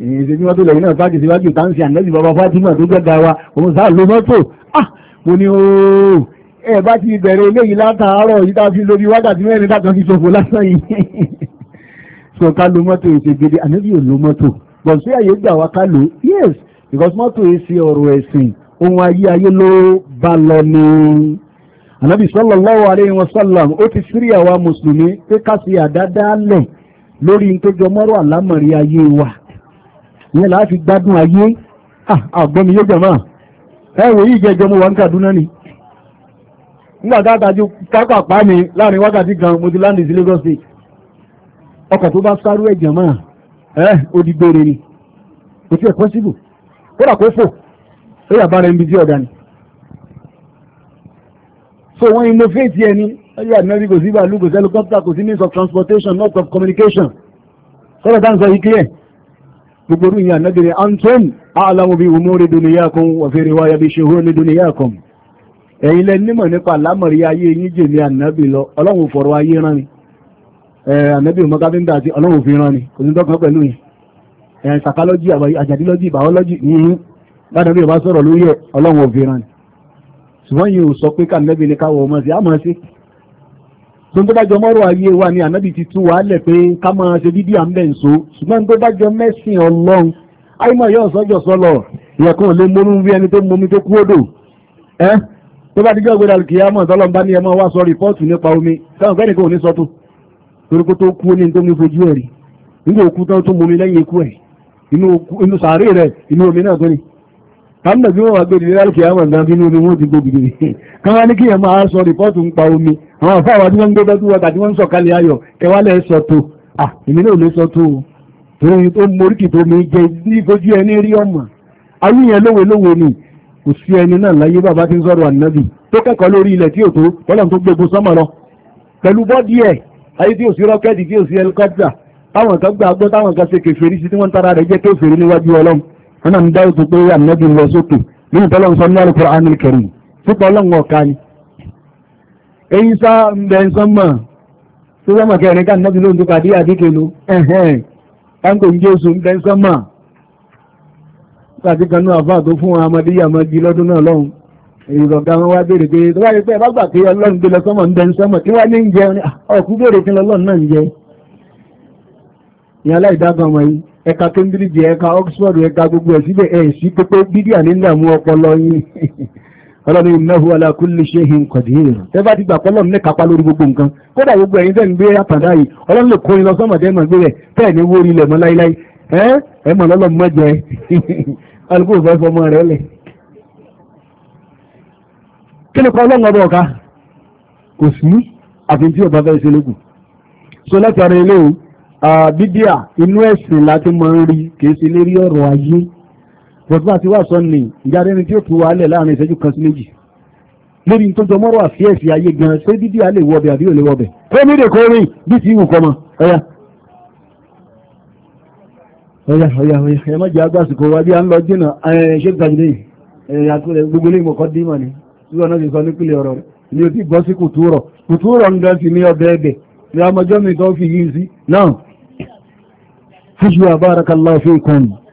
èyí ṣe bí wọ́n tó lẹ̀yìn náà fájì síwájú táǹsì ànẹ́bí bàbá Fátímà tó gbẹ́ga wa òun sáà lo mọ́tò ah mo ní ooo ẹ bá ti bẹ̀rẹ̀ eléyìí látàárọ̀ yìí tá a fi lórí wákàtí mẹ́rin dákan fi ṣòfò lásán yìí sọ ká lo mọ́tò èsè gidi ànẹ́bí ò lo mọ́tò bọ̀ àyè gbà wá ká lò yes because mọ́tò èsè ọ̀rọ̀ ẹ̀sìn ohun ayé ayé ló bá lọ ni ànẹ́bí sallallahu alayhi wa sallam ó ti sírí àwa mùsùlùmí pé ká sì ìyẹn láti gbádùn ayé àgbọ́mi yóò jẹ̀mọ́ ẹ̀wọ̀ yìí jẹ́ ìjọmọ́ wọn Kaduna ni nígbàtá àtàjú pápápá ni láàrin wákàtí kan mo ti láǹdì sí Lagos State ọkọ̀ tó bá sáré ẹ̀jẹ̀ mọ́ ẹ̀ odi ni kò tí ẹ̀ pọ́sibù kódà kó fò ó yà bá rẹ̀ ń bi tí ọ̀dà ni so wọ́n innovate ẹni ẹ̀yà mẹ́rin kò sí bàálù kò sí helicopter kò sí means of transportation not of communication sọ́dọ̀ tá à yìí clear gbogbo orú ìyá náà dèrè antum a'lamu bi umuri duniyakum wa fi riwaya bi shuhuni duniyakum ẹ̀yin lẹ nímọ̀ nípa lámọ̀rí ayé yín jèmi ànábì lọ ọlọ́run fọ̀rọ̀ ayé rán ni ànábì ọmọ káfíńdà àti ọlọ́run fi rán ni kò ní dọ́kan pẹ̀lú yìí sàkálọ́jì àjàdílọ́jì bàọ́lọ́jì ní yín sọ̀rọ̀ lórí ẹ̀ ọlọ́run fi rán ni ṣùgbọ́n yìí ò sọ pé kánábì ni káwọ ọmọ sí àmọ́ sí tó ń tó bá jọ mọ́rọ̀ ayé wa ni ànábì ti tú wa lẹ̀ pé ká máa ṣe dídí à ń bẹ̀ ń so ṣùgbọ́n tó bá jọ mẹ́sìn ọlọ́run àìmọ̀ yóò sọ́jọ́ sọ́lọ̀ ìyẹn kan lè mọ́nú bí ẹni tó tó kú odò ẹ́ tó bá dijọ́ kìí àmọ́ ìtọ́lọ́n bá ní sọ rìpọ́ọ̀tù nípa omi táwọn fẹ́ni kò ní sọ tó torí kó tó kú ó ní tó ní fojú ẹ̀ mọmi lẹ́yìn ikú ẹ̀ inú sàárè rẹ̀ inú omi náà tó kàmínà bí gbé àwọn àfáà wa tí wọ́n ń gbé dọ́dún wọ́ta tí wọ́n ń sọ̀kalẹ̀ ayọ̀ kẹwàálẹ̀ sọ tó à èmi náà lè sọ tó o torí tó moríkì tó mi jẹ ní ìfojú ẹni rí ọmọ awíyẹn lówe lówe ni kò sí ẹni náà láyé bàbá tí ń sọ̀rọ̀ ànábì tó kẹ́kọ̀ọ́ lórí ilẹ̀ tí ò tó tọ́lọ̀ tó gbégun sọ́mọ̀ lọ pẹ̀lú bọ́dí ẹ̀ ayé tí ò sí rọ́kẹ́tì tí ò sí ẹlikọ́pítà táwọn kan gbà gbọ́ táwọn kan ṣe kèfèrí sí tí wọ́n tara rẹ̀ jẹ́ kèfèrí níwájú ọlọ́run wọn náà ń dá ètò pé ànábì lọ sókè nínú tọ́lọ́ ẹ̀yìn sá ń bẹ̀ sánmà tó sánmà kẹrin ká nàbí lóhun tó kàdí àdékèlú ẹ̀hẹ́n táǹkò ń jésù ń bẹ̀ sánmà láti kanú àfà tó fún amadíyà magi lọ́dún náà lọ́hun èyí kọ̀ọ̀kan wọn wá béèrè pé tó wáyé pé bá gbà pé ọlọ́run gbé lọ sánmà ń bẹ̀ sánmà kí wá ní ń jẹ ọkú béèrè kí lọ́lọ́run náà ń jẹ ìyá aláìdákan ọmọ yìí ẹ̀ka Cambridge ẹ̀ka Oxford ẹ̀ka gbogbo ẹ̀ síbẹ̀ ẹ̀ sí pépé bídíà nílẹ̀ ọpọlọ yín ọlọ́run innahu ala kulli shay'in qadir ẹ bá ti gbà pọ́lọ́ ní kápá lórí gbogbo nǹkan kódà gbogbo ẹ̀yin tẹ́ ń gbé àpàdá yìí ọlọ́run lè kóyin lọ sọ́mọ̀dé ẹ̀mọ̀ gbé rẹ̀ tẹ́ẹ̀ ní wórí ilẹ̀ mọ́ láíláí ẹ́ ẹ̀mọ̀ lọ́lọ́ mọ́jẹ alùpùpù fẹ́ fọmọ rẹ̀ lẹ̀. kí ni kọ́ ọlọ́run ọba ọ̀ka kò sí àfi tí ọba fẹ́ ṣe lókun so látara ilé o bídíà bọ̀dúbà ti wà ni ìyá rẹni tí ó fi wàálẹ̀ láàrin ìṣẹ́jú kan sí méjì lórí tó jọ mọ́rọ̀ àfíẹ́sì ayé gan ṣé dídí à lè wọbẹ̀ àbí ò lè wọbẹ̀ kó mi lè kó rìn bí ti ìwù kọmọ ọ̀yà ọ̀yà ọ̀yà ọ̀yà ẹ má jẹ́ agbásìkò wa bí a ń lọ jìnà ṣé gbàjúdé ẹ̀yà gbogbo ní ìmọ̀kọ́ dímọ̀ ni tí wọn náà ti sọ nípìnlẹ̀ ọ̀rọ̀ rẹ̀ ni o ti bọ́ sí kùtùrọ̀ kùtùrọ̀ ń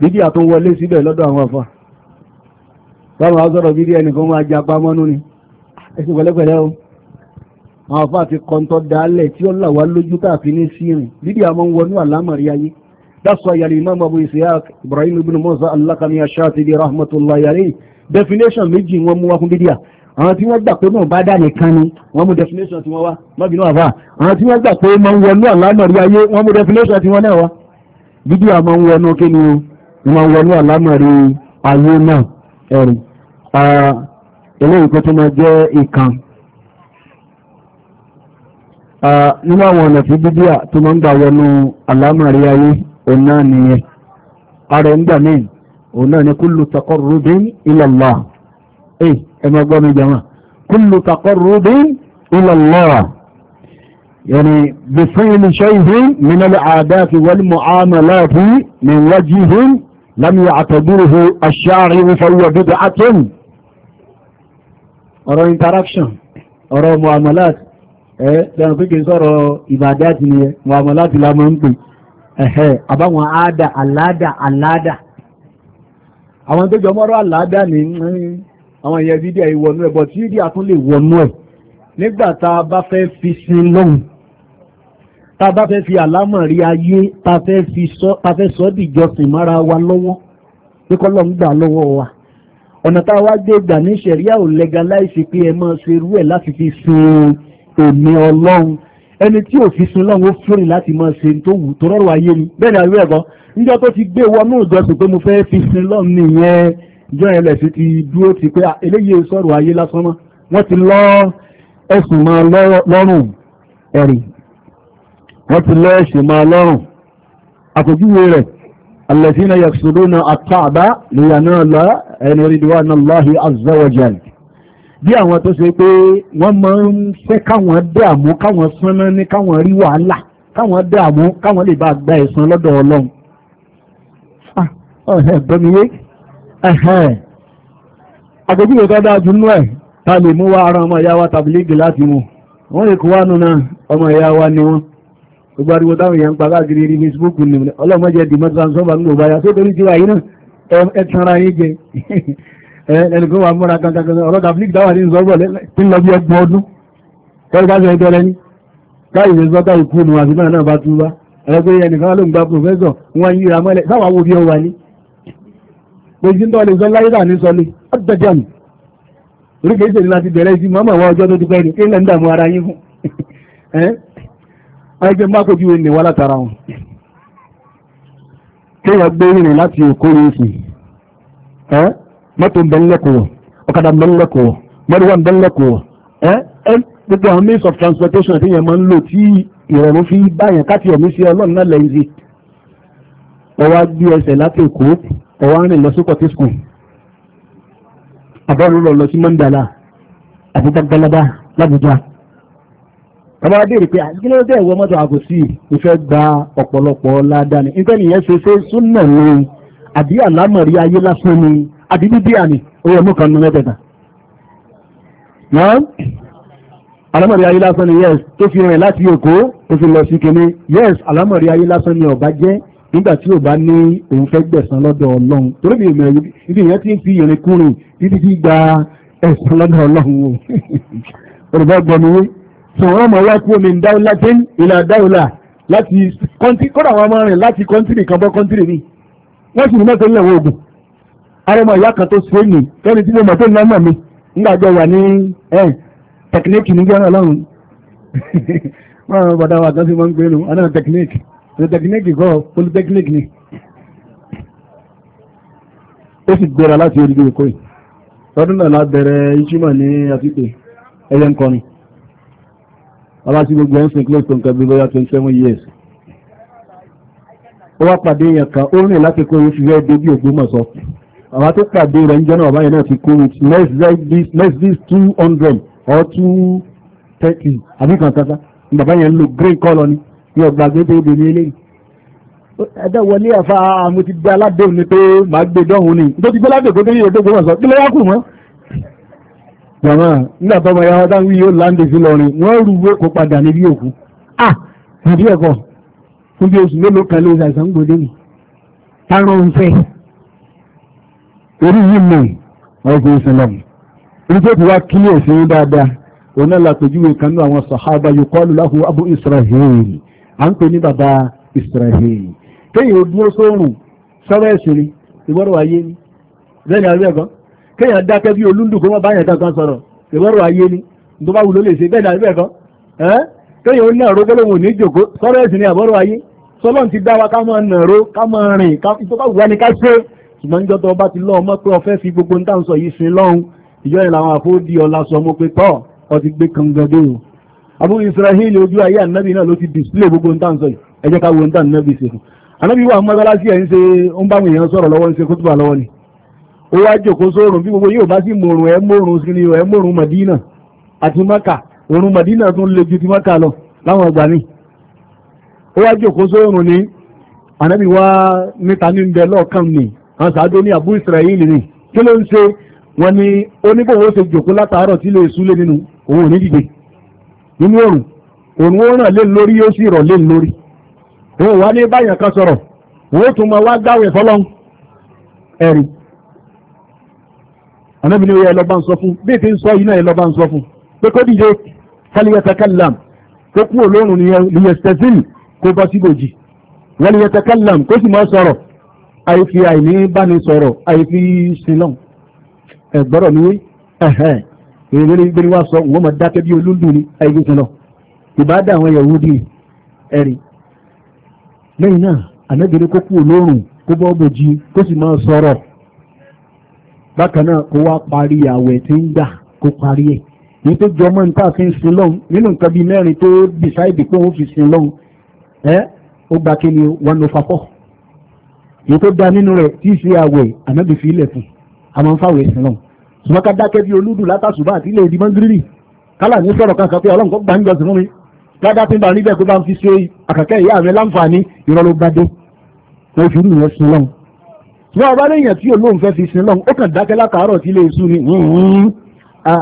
bídí àtò wọlé síbẹ̀ lọ́dọ̀ àwọn àfà báwọn azọ́rọ̀ bídí ẹnìkan máa jẹ apámọ́nú ni ẹ̀sìn pẹ̀lẹ́pẹ̀lẹ́ o àwọn àfà ti kọ́ńtọ́ dálẹ̀ tí ó là wá lójú káàfin ní sírin bídí àmọ́ ń wọnú àlámọ̀rí ayé dáṣọ yàrá imam abu isiaq ibrahim ibn musa alakami aṣáàtìdì rahmatullahi alayhi definition méjì wọn mú wá fún bídí à àwọn tí wọ́n gbà pé náà bá dà nìkan ni wọ́n mú definition tí wọ́n wá mọ́bìnú àfà àwọn tí wọ́n gbà pé máa ń wọnú àlámọ̀rí ayé wọ́n mú definition tí wọ́n náà wá bídí àmọ́ ń wọnú kí ni o máa wọnú àlámọ̀rí ayé náà ẹ̀rù eléyìí kó tó máa jẹ́ ìkan nínú àwọn ọ̀nà tí bíbíà tó máa ń gbà wọnú àlámọ̀rí ayé òun náà nìyẹn ara ń gbà míì òun náà ni kúlù taqarrubin ila Allah ẹ̀ ẹ máa gbọ́ mi jàmá kúlù taqarrubin ila Allah يعني بفعل شيء من العادات والمعاملات من وجه لم يعتبره الشارع فهو بدعة ọ̀rọ̀ interaction ọ̀rọ̀ muamalat ẹ̀ lẹ́nu pé kìí sọ̀rọ̀ ìbàdá ti ní ẹ muamalat la máa ń pè ẹ̀hẹ́ àbáwọn àádà àládà àládà àwọn tó jọmọ́rọ̀ àládà ní àwọn ìyẹn fídíò ìwọ̀nú ẹ̀ bọ̀ tí fídíò tún lè ẹ̀ nígbà tá a bá fẹ́ fi sin lóhun ta bá fẹ́ fi àlámọ̀rí ayé ta fẹ́ sọ dìjọsìn mára wa lọ́wọ́ pé kọ́ lọ́n gbà lọ́wọ́ wa ọ̀nà tá a wá gbé gbà ní ṣẹ̀ríà ò legalize pé ẹ máa ṣe irú ẹ̀ láti fi sin èmi ọlọ́run ẹni tí ò fi sin lọ́run ó fúnni láti máa ṣe tó wù tó rọrùn ayé ni bẹ́ẹ̀ ni àríwẹ̀ ẹ̀kọ́ níjọ́ tó ti gbé wọnú ìjọsìn pé mo fẹ́ fi sin lọ́run nìyẹn ìjọ yẹn lẹ̀sìn ti dúró ti pé eléyìí sọ̀rọ̀ ayé lásán mọ́ wọ́n ti lọ́ ẹ̀sùn máa lọ́rùn ẹ̀rìn wọ́n ti lẹ́ẹ̀ṣẹ̀ máa lọ́rùn àpèjúwe rẹ̀ alẹ́sínà yàksùdónà àtàbá lèyànáàlá ẹni ríduwá náà láhí azawajal bí àwọn tó ṣe pé wọ́n máa ń fẹ́ káwọn dààmú káwọn sánná ní káwọn rí wàhálà káwọn dààmú káwọn lè bá gba ẹ̀san lọ́dọ̀ ọlọ́run ọ̀hẹ́ bẹ́miwé ẹ̀hẹ́ àpèjúwe gbogbo ariwo táwọn èèyàn ń pa káàkiri rí Facebook ni ọlọ́mọdé di mọ́tàn sọ́ba nínú ọba yà tó torí tiwa yìí náà ẹ tanra yín jẹ ẹnì kan wà múra kankan ọlọ́dà flick dáwà ní sọ́bọ̀ tí ń lọ bí ẹgbọ́n ọdún tọ́lú ká sẹ́yìn tọ́lẹ́ni káyìí ṣe sọ́tà ìkú nù àti náà náà bá tún bá ẹgbẹ́ ẹnìkan ló ń gba pòfẹ́sọ̀ wọn yí ra mọ́lẹ̀ sáwà wo bí ọ wà ní. Ojú tó lè sọ láyé tà ní sọlé, ó ẹgbẹ́ mákòjú ẹni wá látara wọn kéèyàn gbé rìn láti èkó ní ìsìn ẹ́ mọ́tò ń bẹ ńlẹ́kọ̀ọ́ ọ̀kadà ń bẹ ńlẹ́kọ̀ọ́ mọ́tò ń bẹ ńlẹ́kọ̀ọ́ ẹ́ ẹ́ gbogbo àwọn means of transportation tí yẹn máa ń lò tí ìrọ̀rùn fi báyẹn káti ọ̀mí sí ọlọ́run náà lẹ́yìn sí ọwọ́ gbé ẹsẹ̀ láti èkó ọwọ́ rìn lọ sí kọ̀tí skul àbọ̀rún lọ lọ ọmọ adéèrè pé àti ah, kílódé ẹ̀wọ́ mọ́tò àgòsí ìfẹ́ gba ọ̀pọ̀lọpọ̀ ládàáni nígbà nìyẹn ṣe ṣe súnà ni àbí àlámọ̀rí ayé lásán ni àbí bíbí àní owó ẹ̀mú kan nu mẹ́tẹ̀ẹ̀ta. àlámọ̀rí ayé lásán ni yes tó fi rìn láti èkó tó fi lọ sí kinní yes àlámọ̀rí ayé lásán ni ọ̀bá jẹ́ nígbà tí ò bá ní òun fẹ́ gbẹ̀sán lọ́dọ̀ ọlọ́run torí mi ìmọ̀ ibi ìyẹn ti ń fi ìrìn kúrin títí gba ẹ̀sán lọ́dọ̀ ọlọ́run o. olùbọ́ gbọ́ mi wí so wọ́n mọ̀ wá kúrò min dawlatin ila dawla láti kọ́ntì kọ́dà wọn máa rìn láti kọ́ntìrì kan bọ́ kọ́ntìrì mi wọ́n sì ní mọ́tò ńlẹ̀ wọ́n ògùn arọmọ ìyá kan tó ṣe é nì kẹ́ni tí mo mọ̀ tó ń lọ́mọ mi ńgbàjọ wà ní ẹ̀ tẹkiníkì nígbà náà lọ́rùn máa bàdá wa kan sí máa ń gbé nu aná tẹkiníkì ní tẹkiníkì kọ́ polytechnic ni ó sì gbéra láti orí ìdílé kọ́ yìí lọ́dún náà lábẹ́rẹ́ ìṣúmọ̀ ní àtìpé ẹ̀yẹ ńkọrin ọba tí gbogbo ẹ̀ ń close to nǹkan bí lọ́yà 27 years ó wá pàdé èèyàn kan ó rìn láti kó oṣù rẹ̀ dé bí Ògbómọ̀ṣọ́ àwọn tó pàdé rẹ̀ ń jẹ́ náà báyìí náà ti kó with next this two hundred or two thirty àbí kan kankan ní bàbá yẹn ń lo green colour ni ní ọgbà gbẹ́dẹ́ èdè ní eléyìí ẹ̀dá wọlé àfa àmọ́ ti gbé aládé òní pé màá gbé dọ́hùn ni nítorí gbé aládé òní pé yóò dé Ògbómọ̀ṣọ́ kí ló kù mọ́ jọ̀mọ́ nígbà tọ́mọ ya wá dáhùn yóò láǹdè sí lọ́rin wọ́n rú kó padà níbi òkú à tàbí ẹ̀kọ́ fún bí oṣù mélòó kan ló ń ṣàìsàn gbòdé mi tárọ̀ ń fẹ́ orí yìí ní tó ti wá dáadáa òun náà kan ní àwọn sàhábà abu à ń pè ní bàbá kéèyàn dákẹ́ bí olúndùn kó má bá yàn kankan sọ̀rọ̀ ìwọ́rọ̀ ayé ni tó bá wúlò lè ṣe bẹ́ẹ̀ dàbí bẹ́ẹ̀ kan kéèyàn ó ní àrò gbólóhùn ní ìjòkó sọ̀rọ̀ ẹ̀sìn ni àbọ̀rọ̀ ayé sọlọ́n ti dá wa ká máa nàró ká máa rìn tó bá wùwá ni ká ṣe ṣùgbọ́n níjọ́ tó bá ti lọ́ ọmọ pé ọfẹ́ fi gbogbo níta ń sọ yìí sin lọ́hùn ìjọ yẹn làwọn àfọwọ́dì ọ̀la sọ mo pé tọ́ ọ ti gbé kangado Abu Israhili ojú ayé ànábì náà ló ti display gbogbo níta ń sọ yìí ẹ jẹ́ ká wo níta ànábì ṣe fún ànábì wà mọ́tálásí ẹ̀ ń ṣe ń bá àwọn èèyàn sọ̀rọ̀ lọ́wọ́ ń ṣe kótóbà lọ́wọ́ ni ó wá jòkó sóòrùn bí gbogbo yóò bá sì mòrùn ẹ mòrùn sí ni ẹ mòrùn Madina àti Maka òrùn Madina tún le ju ti Maka lọ láwọn ọgbà ni ó wá jòkó ni ànábì wá níta ní bẹ lọ́ọ̀kan ni àwọn sàádó ní Abu ni kí ló ń ṣe wọn ni ṣe jòkó tí lè súlé nínú òun ò ní dìde nínú òrùn ó ràn lé lórí yóò sì lórí òun wá ní báyàn kan sọ̀rọ̀ òun ó tún máa wá gbáwẹ̀ anábì ní oyè ẹlọ́ba ń sọ fún bí ètè ń sọ yìí náà ẹlọ́ba ń sọ fún pé kó dìde kálíyàtàkàlàm kó kú olóòrùn lìyẹsẹ̀sìn kó bọ́ síbòjì wọ́n lìyàtàkàlàm kó sì máa sọ̀rọ̀ àìfi àìní báni sọ̀rọ̀ àìfi sinlọ́n ẹ̀gbọ́rọ̀ ni ẹ̀hẹ́ èrè ní wá sọ wọ́n máa dákẹ́ bí olúndùn ni àìfi sinlọ́ ìbáàdà àwọn Yahudi ẹ̀rí lẹ́yìn náà anábì ní kó kú olóòrùn kó bọ́ bòjì kó sì máa sọ̀rọ̀ bákan náà kó wá parí àwẹ̀ tí ń gbà kó parí ẹ̀ èyí tó jọmọ́ ní tá a fi ń sin lọ́hùn nínú nǹkan bíi mẹ́rin tó bìsáìdì pé òun fi sin lọ́hùn ẹ́ ó gba kí ni one over four èyí tó da nínú rẹ̀ tí ì ṣe àwẹ̀ ànábì fi ilẹ̀ fún a máa ń fàwẹ̀ sin lọ́hùn ṣùgbọ́n ká dákẹ́ bí olúdù látàṣùbà àti ilé ìdí mọ́ngírírì kálà ní sọ̀rọ̀ kan sọ pé ọlọ́run wọn ọba lẹ́yìn tí olóhùn fẹ́ fi sin lọ́hùn ó kàn dákẹ́ lákàárọ̀ tí ilé iṣu ni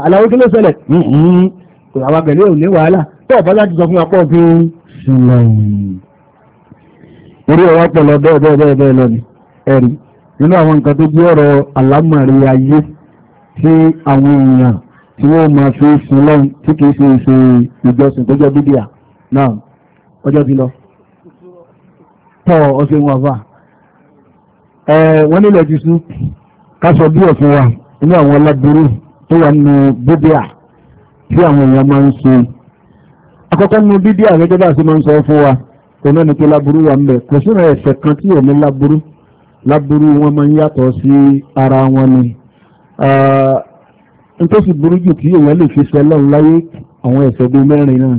aláwo kí ló ṣẹlẹ̀ àwọn abẹ̀lẹ̀ ò ní wàhálà tó ọba láti sọ fún wa pọ̀ fún sin lọ́hùn. orí ọ̀rọ̀ pẹ̀lú bẹ́ẹ̀ bẹ́ẹ̀ bẹ́ẹ̀ bẹ́ẹ̀ lọ ni ẹ̀rí nínú àwọn nǹkan tó gbé ọ̀rọ̀ àlámọ̀rí ayé tí àwọn èèyàn tí wọ́n máa fi sin lọ́hùn tí kì í ṣe ìṣe ìjọsìn tó jẹ́ bíbíà náà ọjọ́ ti lọ tọ́ ọ wọ́n nílẹ̀ ti sú kásọ̀ díẹ̀ fún wa inú àwọn aláburú tó wà nínú bíbíà tí àwọn èèyàn máa ń ṣe akọ́kọ́ nínú bíbíà gẹ́gẹ́ bá ṣe máa ń sọ fún wa kò náà ní pé láburú wà ń bẹ̀ kò sínú ẹ̀ṣẹ̀ kan tí èmi láburú láburú wọn máa ń yàtọ̀ sí ara wọn ni n tó sì burú jù kí èèyàn lè fi sẹ́lọ̀ láyé àwọn ẹ̀ṣẹ̀ bíi mẹ́rin náà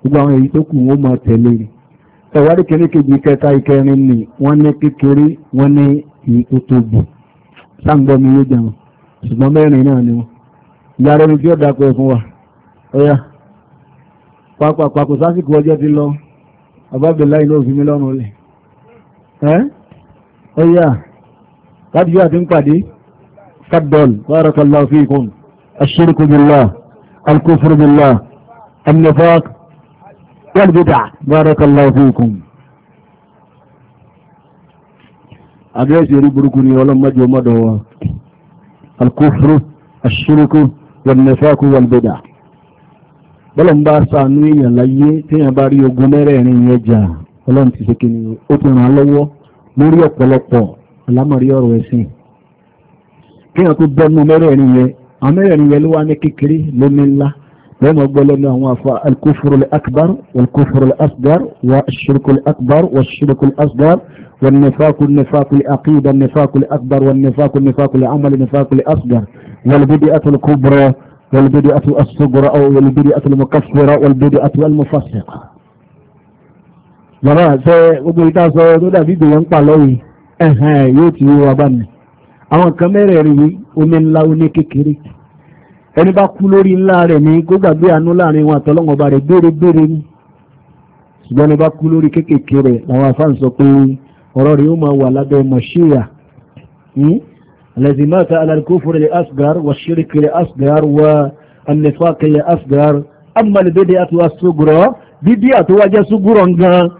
gbogbo àwọn èyí tó kù wọ́n máa tẹ̀lé rẹ̀ ẹ̀wárí kìíní kejì kẹta ìkẹrin ni wọ́n ní kékeré wọ́n ní èyí tó tóbi sáǹgbọ́n mi yóò jẹun ṣùgbọ́n mẹ́rin náà ni wọ́n ìyára ẹni tí ó dákọ̀ ẹ̀ wa ọ̀yà pàápàá kò sásìkò ọjọ́ ti lọ àbábẹ̀láì ló fi mí lọ́rùn lẹ̀ ẹ́ ọ̀yà láti àti ń pàdé fadol barakallahu fikum ashirku billah alkufru billah annifaq والبدع بارك الله فيكم agẹ́ẹ̀sì orí burúkú ni ọlọ́mọdé ọmọdé wọn alkufru aṣíríkú wọnẹfẹ́kú wọnbẹ̀dà bọ́lọ̀ ń bá sànú èèyàn láyé téèyàn bá rí ogun mẹ́rẹ̀ẹ̀rin yẹn jà ọlọ́run ti ṣe kìnnìyàn ó ti ràn án lọ́wọ́ lórí ọ̀pọ̀lọpọ̀ alámọ̀rí ọ̀rọ̀ ẹ̀sìn kéèyàn tó bẹ́nu mẹ́rẹ̀ẹ̀rin yẹn àwọn mẹ́rẹ̀ẹ̀rin yẹn ló wá ní kékeré lómi ńlá lẹ́mọ̀ gbọ́lẹ́nu àwọn afa alkufuru akbar walkufuru asgar wa shirku akbar wa shirku asgar والنفاق النفاق العقيدة النفاق الأكبر والنفاق النفاق العمل النفاق الأصغر والبدئة الكبرى والبدئة الصغرى أو والبدئة المكفرة والبدئة المفسقة yàrá ṣe gbogbo ìta sọ tó dàbí ìdòwò ń pa lọ́yìn ẹ̀hẹ̀n yóò ti wọ́n wá bá mi àwọn kan mẹ́rẹ̀ẹ̀rin yìí omi ńlá oní kékeré ẹni bá kú lórí ńlá rẹ̀ ní gbógbàgbé àánú láàrin wọn àtọ́lọ́wọ́ba rẹ̀ gbére-gbére ní ṣùgbọ́n ẹni bá kú lórí kéékèèké rẹ̀ làwọn afá ń sọ pé ọ̀rọ̀ rẹ̀ ó máa wà lábẹ́ mọ̀ṣíyà alẹ́sìn máa ta alárikófòrè lè asgar wà ṣíríkì lè asgar wà anẹ́fàkì lè asgar amàlẹ́bẹ́dẹ́ àti wà sógùrọ̀ bíbí àtọwájẹ́ sógùrọ̀ ngan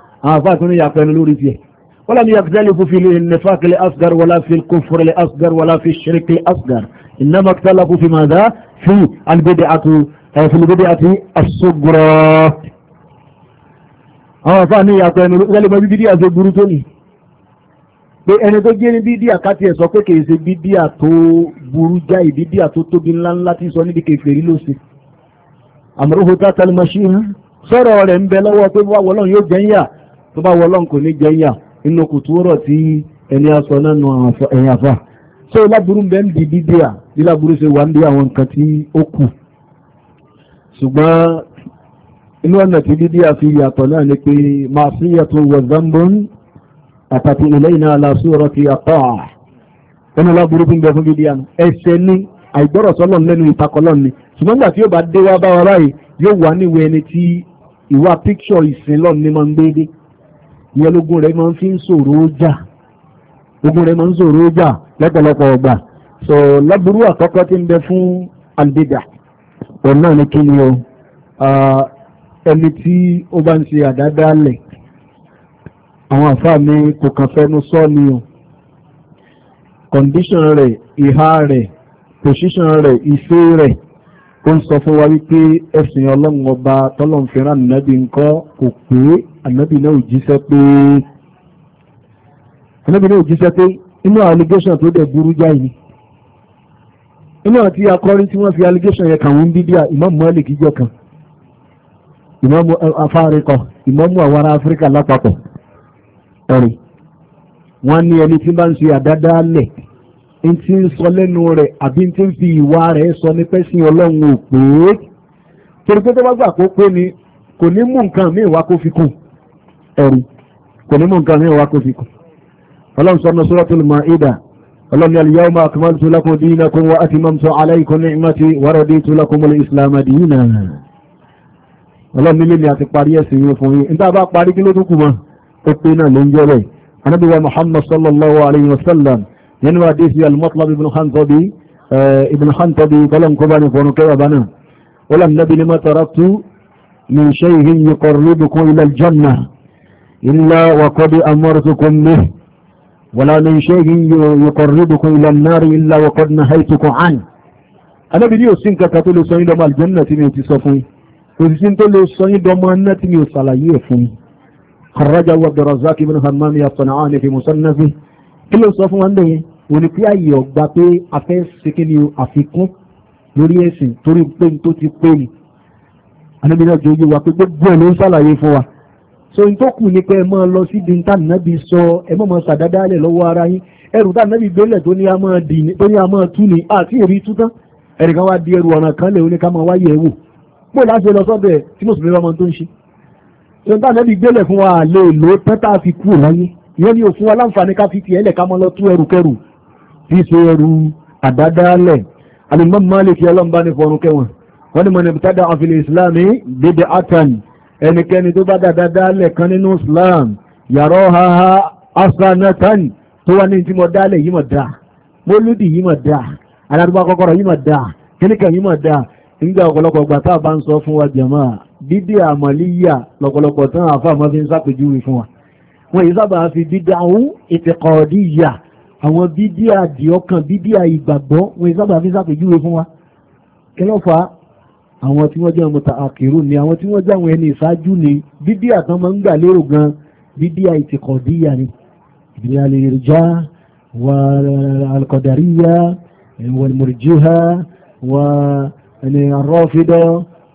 ولم يختلف في النفاق الأصغر ولا في الكفر الأصغر ولا في الشرك الأصغر إنما اختلفوا في ماذا؟ في البدعة في البدعة الصغرى àwọn àfáà ní ìyàtọ̀ ẹnu lẹ́lẹ́ mọ́ bíbí díà tó burú tó ní pé ẹni tó gé ní bídíà káti ẹ̀ sọ pé kìí ṣe bídíà tó burú jáì bídíà tó tóbi ńlá ńlá tí sọ níbi kèfèrí ló ṣe àmọ́ òhun tá tẹlẹ mọ́ṣí ń sọ̀rọ̀ rẹ̀ ń bẹ lọ́wọ́ pé bá wọlọ́n yóò jẹ́ yà tó bá wọlọ́n kò ní jẹ́ yà inú kùtù rọ̀ tí ẹni aṣọ náà nù ẹ̀yìn àfà tó láburú bẹ́ẹ̀ ń di bídíà díláburú ṣe wà ní àwọn nǹkan tí ó kù ṣùgbọ́n inú ọ̀nà tí dídí àfi yàtọ̀ náà ni pé máa sí yàtọ̀ wọ̀zánbọ́n àtàtì ilẹ̀ iná aláṣú ọ̀rọ̀ ti yàtọ̀ ẹnu láburú fún gbẹ̀fún dídí àná ẹsẹ̀ ní àìgbọ́rọ̀ sọ́lọ̀ lẹ́nu ìtakọ̀lọ́ ni ṣùgbọ́n gbà tí yóò bá dé wá bá wa báyìí yóò wà níwẹ̀ ẹni tí ìwà píkṣọ̀ ìsìn lọ́ọ̀ ni máa ń gbé dé ìyẹn lógún rẹ̀ máa ń fi ń ṣòro ó jà ogun rẹ̀ máa ń ṣòro ó jà lọ́pọ̀lọpọ̀ ọgbà so lábúrú àkọ́kọ́ tí ń bẹ fún albida òun náà ni kí ni o ẹni tí ó bá ń ṣe àdádálẹ̀ àwọn àfáà mi kò kàn fẹ́nu sọ ni o condition rẹ̀ ìhà rẹ̀ position rẹ̀ ìṣe rẹ̀ ó ń sọ fún wa wípé ẹ̀sìn ọlọ́run ọba tọ́lọ́run fẹ́ràn ànábì ńkọ́ kò pé ànábì náà ò jíṣẹ́ pé ànábì náà ò jíṣẹ́ pé inú allegation tó dẹ̀ burú jáì ni inú àti akọrin tí wọ́n fi allegation yẹn kàwọn bíbí à Imam Malik jọ kan Imam eh, afárikọ Imam àwọn ará Áfíríkà lápapọ̀ ẹ̀rìn wọ́n ní ẹni tí bá ń ṣe àdáda lẹ̀ ń tí ń sọ lẹ́nu rẹ̀ àbí ń tí ń fi ìwà rẹ̀ sọ ní pẹ́sìn ọlọ́run ò pé torí pé tó bá gbà kó pé ni kò ní mú nǹkan míì wá kó fi kù ẹ̀rìn kò ní mú nǹkan míì wá kó fi kù ọlọ́run sọ ní Suratul Maida ọlọ́ni al-yawma akmaltu lakum dinakum wa atmamtu alaykum ni'mati wa raditu lakum al-islama dinan ọlọ́ni lè ní àti parí ẹ̀sìn yìí fún yín nígbà bá parí kí ló tún kù mọ́ ó pé náà ló ń jẹ́ rẹ̀ anábì wa muhammad sallallahu alayhi wa sallam nínú àdéhùn al ibn Khantabi eh, ibn Khantabi kọ́lọ́nkọ́bá ní fọ́nù kẹ́wàá bá náà ó làm nábì ní ma taraktu min shay'in yuqarribukum ila al-jannah illa wa qad amartukum bihi wala min shay'in yuqarribukum ila an-nar illa wa qad nahaytukum an Ànábì ní òsín kankan tó lè sọ yín dọmọ àlùjànnà tí mi ò ti sọ fún yín òsín tó lè sọ yín dọmọ iná tí mi ò ṣàlàyé ẹ̀ fún yín kharraja wa abdulrazak ibn hammam ya sana'ani fi musannafi kí ló sọ fún wa ndẹ̀yẹ òní pé àyè ọ̀gbà pé afẹ́ sekeni àfikún lórí ẹ̀sìn torí pé tó ti pé ni Ànábì náà jẹ́ oyé wa pé gbogbo ẹ̀ ló ń ṣàlàyé fún wa so n tó kù ní pé ẹ máa lọ sí di nta nàbí sọ ẹ mọ̀ mọ̀ sàdádálẹ̀ lọ́wọ́ ara yín ẹrù tá nàbí gbélẹ̀ tó ní a máa dì ní tó ní a máa tú ní àti èrí tú tán ẹnìkan wá di ẹrù ọ̀nà kan lè oníkà máa wáyé ẹ̀wò pé láti lọ sọ́dọ̀ ẹ̀ tí mùsùlùmí bá máa tó ń ṣe so n tá nàbí gbélẹ̀ fún wa lè lò ó tán tá a fi kú láyé ìyẹn ni òfin wa láǹfààní ká fi tiẹ̀ lẹ̀ ká máa lọ tú ẹrù kẹrù ni mọ̀ ní ẹnikẹ́ni tó bá dáadáa lẹ́ẹ̀kan nínú Islam yàrá haha asanatan tó wá ní tí mo dálẹ̀ yìí mọ̀ dá mólúdì yìí mọ̀ dá aládùúgbò akọ́kọ́rọ̀ yìí mọ̀ dá kíníkà yìí mọ̀ dá nígbà ọ̀pọ̀lọpọ̀ ìgbà tá a bá ń sọ fún wa jàmá dídí àmàlíyà lọ̀pọ̀lọpọ̀ tán àfa àmọ́ fi ń sàpèjúwe fún wa wọn yìí sábà fi dídá òun ìtẹ̀kọ̀ọ́díyà àwọn bídíà dìọ́kàn bídíà ìgbàgbọ́ wọn yìí sábà fi sàpèjúwe fún wa kí ló fà á àwọn tí wọ́n jẹ́ ọmọ àkèrú ni àwọn tí wọ́n jẹ́ àwọn ẹni ìṣáájú ni bíbí àtàn máa ń gbà lérò gan bíbí àìtìkọ̀díyà ni ìbílẹ̀lẹ́rìjá wà eh, alkọ̀dàríyà eh, wàlmùrìjíhà wà ẹni arọ́fídọ́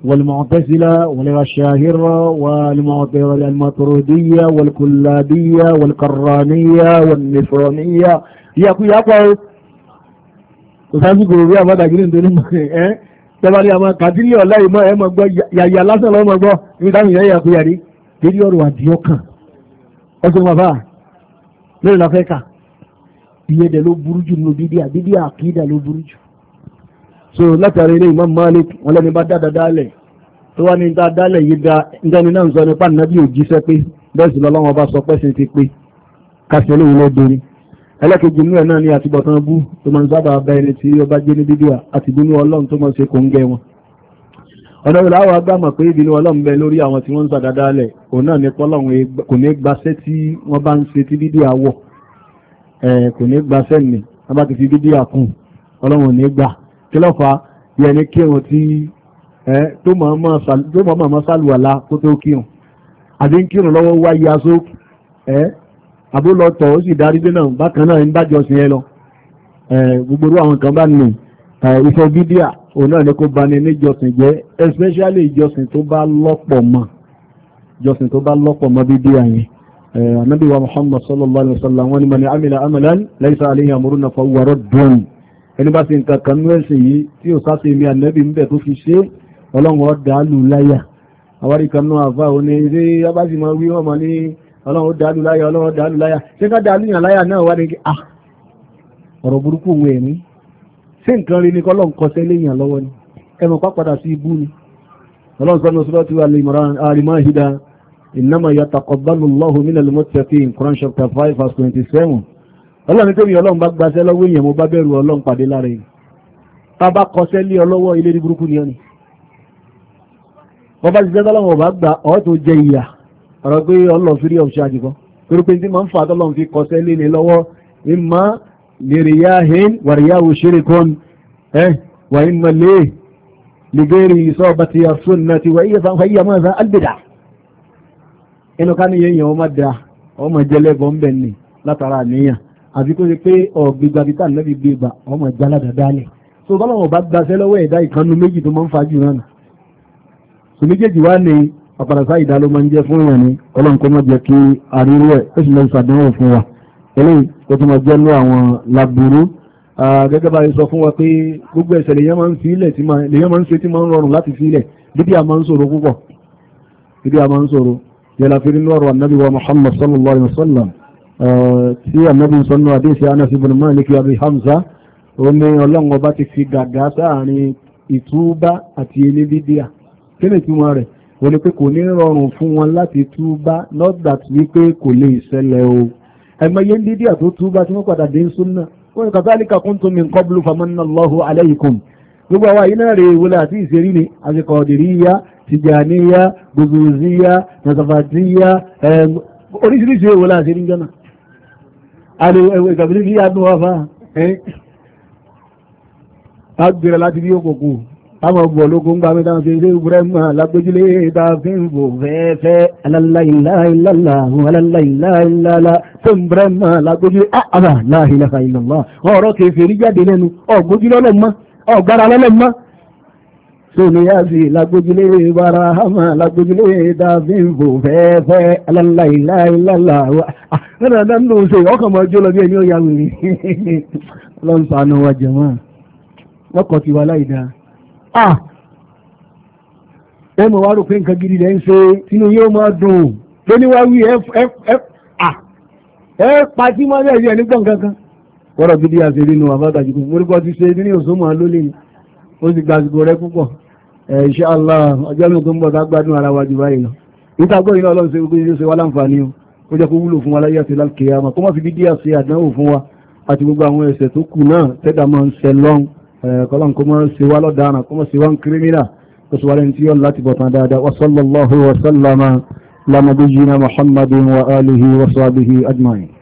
والمعتزلة والأشاهرة والمطرودية والكلابية والقرانية والنفرانية يا أخي يا أخي أستاذ قلوبية ما داخلين دون lọ́ba ní àwọn kàdílé ọ̀la ìmọ̀ ẹ̀ mọ̀ gbọ́ yàyà lásán lọ́mọ gbọ́ ibi táwọn èèyàn yàgò yàrí dédé ọ̀rọ̀ àdìyọ na ọ̀sẹ̀ wọn bá lórí lọ́fẹ́ kà ìyẹn dẹ̀ ló burú jù nínú bídíà bídíà àkídà ló burú so látàrí ilé wọn lẹ́ni bá dáadáa dálẹ̀ tó wá ní yìí da ndẹ́ni náà ń sọ nípa nàbí òjíṣẹ́ pé bẹ́ẹ̀ sì lọ́wọ́ sọ ẹlẹ́kejì inú ẹ̀ náà ni àtibọ̀tán bú tó máa ń sábà bá ẹni tí ó bá jẹ́ ní bídíà àti ìbínú ọlọ́run tó máa ń ṣe kò ń gẹ wọn ọ̀nà ìlà àwọn agbámọ̀ pé ìbínú ọlọ́run bẹ lórí àwọn tí wọ́n ń sàdádá lẹ̀ òun náà ní pọ́lọ́run e kò ní gbaṣẹ́ tí wọ́n bá ń ṣe tí bídíà wọ̀ kò ní gbaṣẹ́ nì wọ́n bá ti fi bídíà kùn ọlọ́run ní gbà kí lọ́fà yẹ àbó lọ tọ̀ ó sì darí dé náà bákan náà ń bájọ sí ẹ lọ gbogbo àwọn kan bá nù ìfẹ́ bídíà òun náà ni kó bá ní níjọsìn jẹ́ especially ìjọsìn tó bá lọ́pọ̀ mọ́ ìjọsìn tó bá lọ́pọ̀ mọ́ bídíà yẹn anabi wa muhammad sallallahu alaihi wa sallam wọn ni mani amila amalan laisa alayhi amuruna fa wàrọ dùn ẹni bá sì ń kankan nú ẹ̀sìn yìí tí ó sáfẹ́ mi anabi ń bẹ̀ tó fi ṣe ọlọ́run ọ̀dà lù láyà àwárí kan náà àfa òun ni ilé wí wọ́n mọ̀ ní ọlọ́run dàálù láyà ọlọ́run dàálù láyà ṣé ká dàálù yàn láyà náà wá ní kí ah ọ̀rọ̀ burúkú òun ẹ̀mí ṣé nǹkan rí ni kọ́ lọ́n kọsẹ́ léyìn lọ́wọ́ ni ẹnu pa padà sí ibú ni ọlọ́run sọ́nà sọ́dọ̀ tí alimahida innama yataqabbalu Allahu minal muttaqin Quran chapter five verse twenty seven ọlọ́run tó yìn ọlọ́run bá gbaṣẹ́ lọ́wọ́ èèyàn mo bá bẹ̀rù ọlọ́run pàdé lára yìí tá bá kọsẹ́ lé ọlọ́wọ́ ilé ní burúkú ni ọ́ ni wọ́n bá ti sẹ́tọ́ ọ̀rọ̀ pé ọlọ́run fi rí ọ̀ṣẹ́ àjùkọ́ torí pé tí máa ń fa tọ́lọ́run fi kọsẹ́ lé ní lọ́wọ́ ìmọ̀ lèrìyá hin wàríyá òṣèré kan ẹ wà ìmọ̀ lé lìgẹ́rì ìsọ́ ọba ti àṣùn náà ti wà iye fa iye máa fa albida inú ká níyẹn yẹn ọmọ da ọmọ jẹlẹbọ ń bẹ ní látara àníyàn àfi kó ṣe pé ọ̀gbìgbà bíi táà lẹ́bi gbé gbà ọmọ ìjálá dàdálẹ̀ so bọ́lá wọn bá gbaṣẹ́ lọ́wọ́ ẹ̀dá ìkànnú méjì tó máa ń fa jù náà so méjèèjì wá ní àpàdásá ìdáló máa ń jẹ́ fún èèyàn ni ọlọ́run kó má jẹ́ kí àríwú ẹ̀ ó sì lọ ìsàdánwò fún wa eléyìí ó tún máa jẹ́ lọ àwọn làbúrú gẹ́gẹ́ bá yẹ sọ fún wa pé gbogbo ẹ̀ṣẹ̀ lèyàn máa ń fi ilẹ̀ tí máa lèyàn máa ń ṣe tí máa ń rọrùn láti fi ilẹ̀ a máa ń ṣòro púpọ̀ bíbí a máa ń ṣòro yẹlá fi lọ́rọ̀ anabi wa muhammad sallallahu alayhi wa sallam tí anabi sọnù adéṣe anas hamza ó ní ọlọ́run ọba ti fi gàgá sáàrin ìtúbá àti elébídíà kí ni ìtumọ̀ rẹ̀ wọ́n ni pé kò ní rọrùn fún wọn láti túbá not that wípé kò lè ṣẹlẹ̀ o ẹ̀mọye ń dídí àtó túbá tí wọ́n padà dé ń súnà wọ́n ni kazalika kuntum min qablu famanna Allahu alaykum gbogbo àwọn àyínà rẹ̀ ìwọlé àti ìṣerí ni àṣekọ̀ọ́dìríyá tìjàníyá gbogboziya nàṣàfàtíyá oríṣiríṣi ìwọlé àṣírí jọ́nà àlèwẹ̀ ìgbàgbé ní adùn wà fáà agbèrè láti rí òkòkò táwọn ọgbọ̀n ológun gbà mí táwọn ṣe Ibrahim alágbójúlé ta fi ń bò fẹ́ẹ́fẹ́ alálàìláìlálà alálàìláìlálà tó ń Ibrahim alágbójúlé àbà láìláìlálà ọ̀rọ̀ kẹfẹ́ rí jáde lẹ́nu ọ̀gbójúlé ọlọ́mọ ọ̀gbára ọlọ́mọ Soniyazi lagbojule barahama lagbojule dafin bo fẹ́fẹ́ alalailalaila wa. Rẹ̀rẹ̀ náà ló ń ah, ṣe ọkàn máa jó lọ bí ẹni ó Ah, ẹ mọ̀ wá rò pé nǹkan gidi lẹ́ ń ṣe tínú yóò máa dùn tó níwáwí ẹ pa tí wọ́n lẹ́yìn ẹ̀ nígbọ̀n kankan wọ́rọ̀ gidi àti ìrìnnà àbáta jùlọ mo rí kọ́ ti ṣe ní òṣùmọ̀ lólè ni ó sì gbàsìkò rẹ púpọ̀ insha Allah ọjọ́ mi tó ń bọ̀ tá gbádùn ara wa jù báyìí lọ ìtagbọ́ ìlú ọlọ́run ṣe gbogbo ṣe wá láǹfààní o kó jẹ́ kó wúlò fún wa láyé àti lákìyàmá kó má fi bí díà ṣe àdánwò fún wa àti gbogbo àwọn ẹ̀ṣẹ̀ tó kù náà tẹ́dà máa ń ṣẹ lọ́hùn Eh, kọ́lọ́n kó mọ́ sí wá lọ́dáàrán kó mọ́ sí wá ń kírímínà kó sì wá lẹ́yìn tí yóò láti bọ̀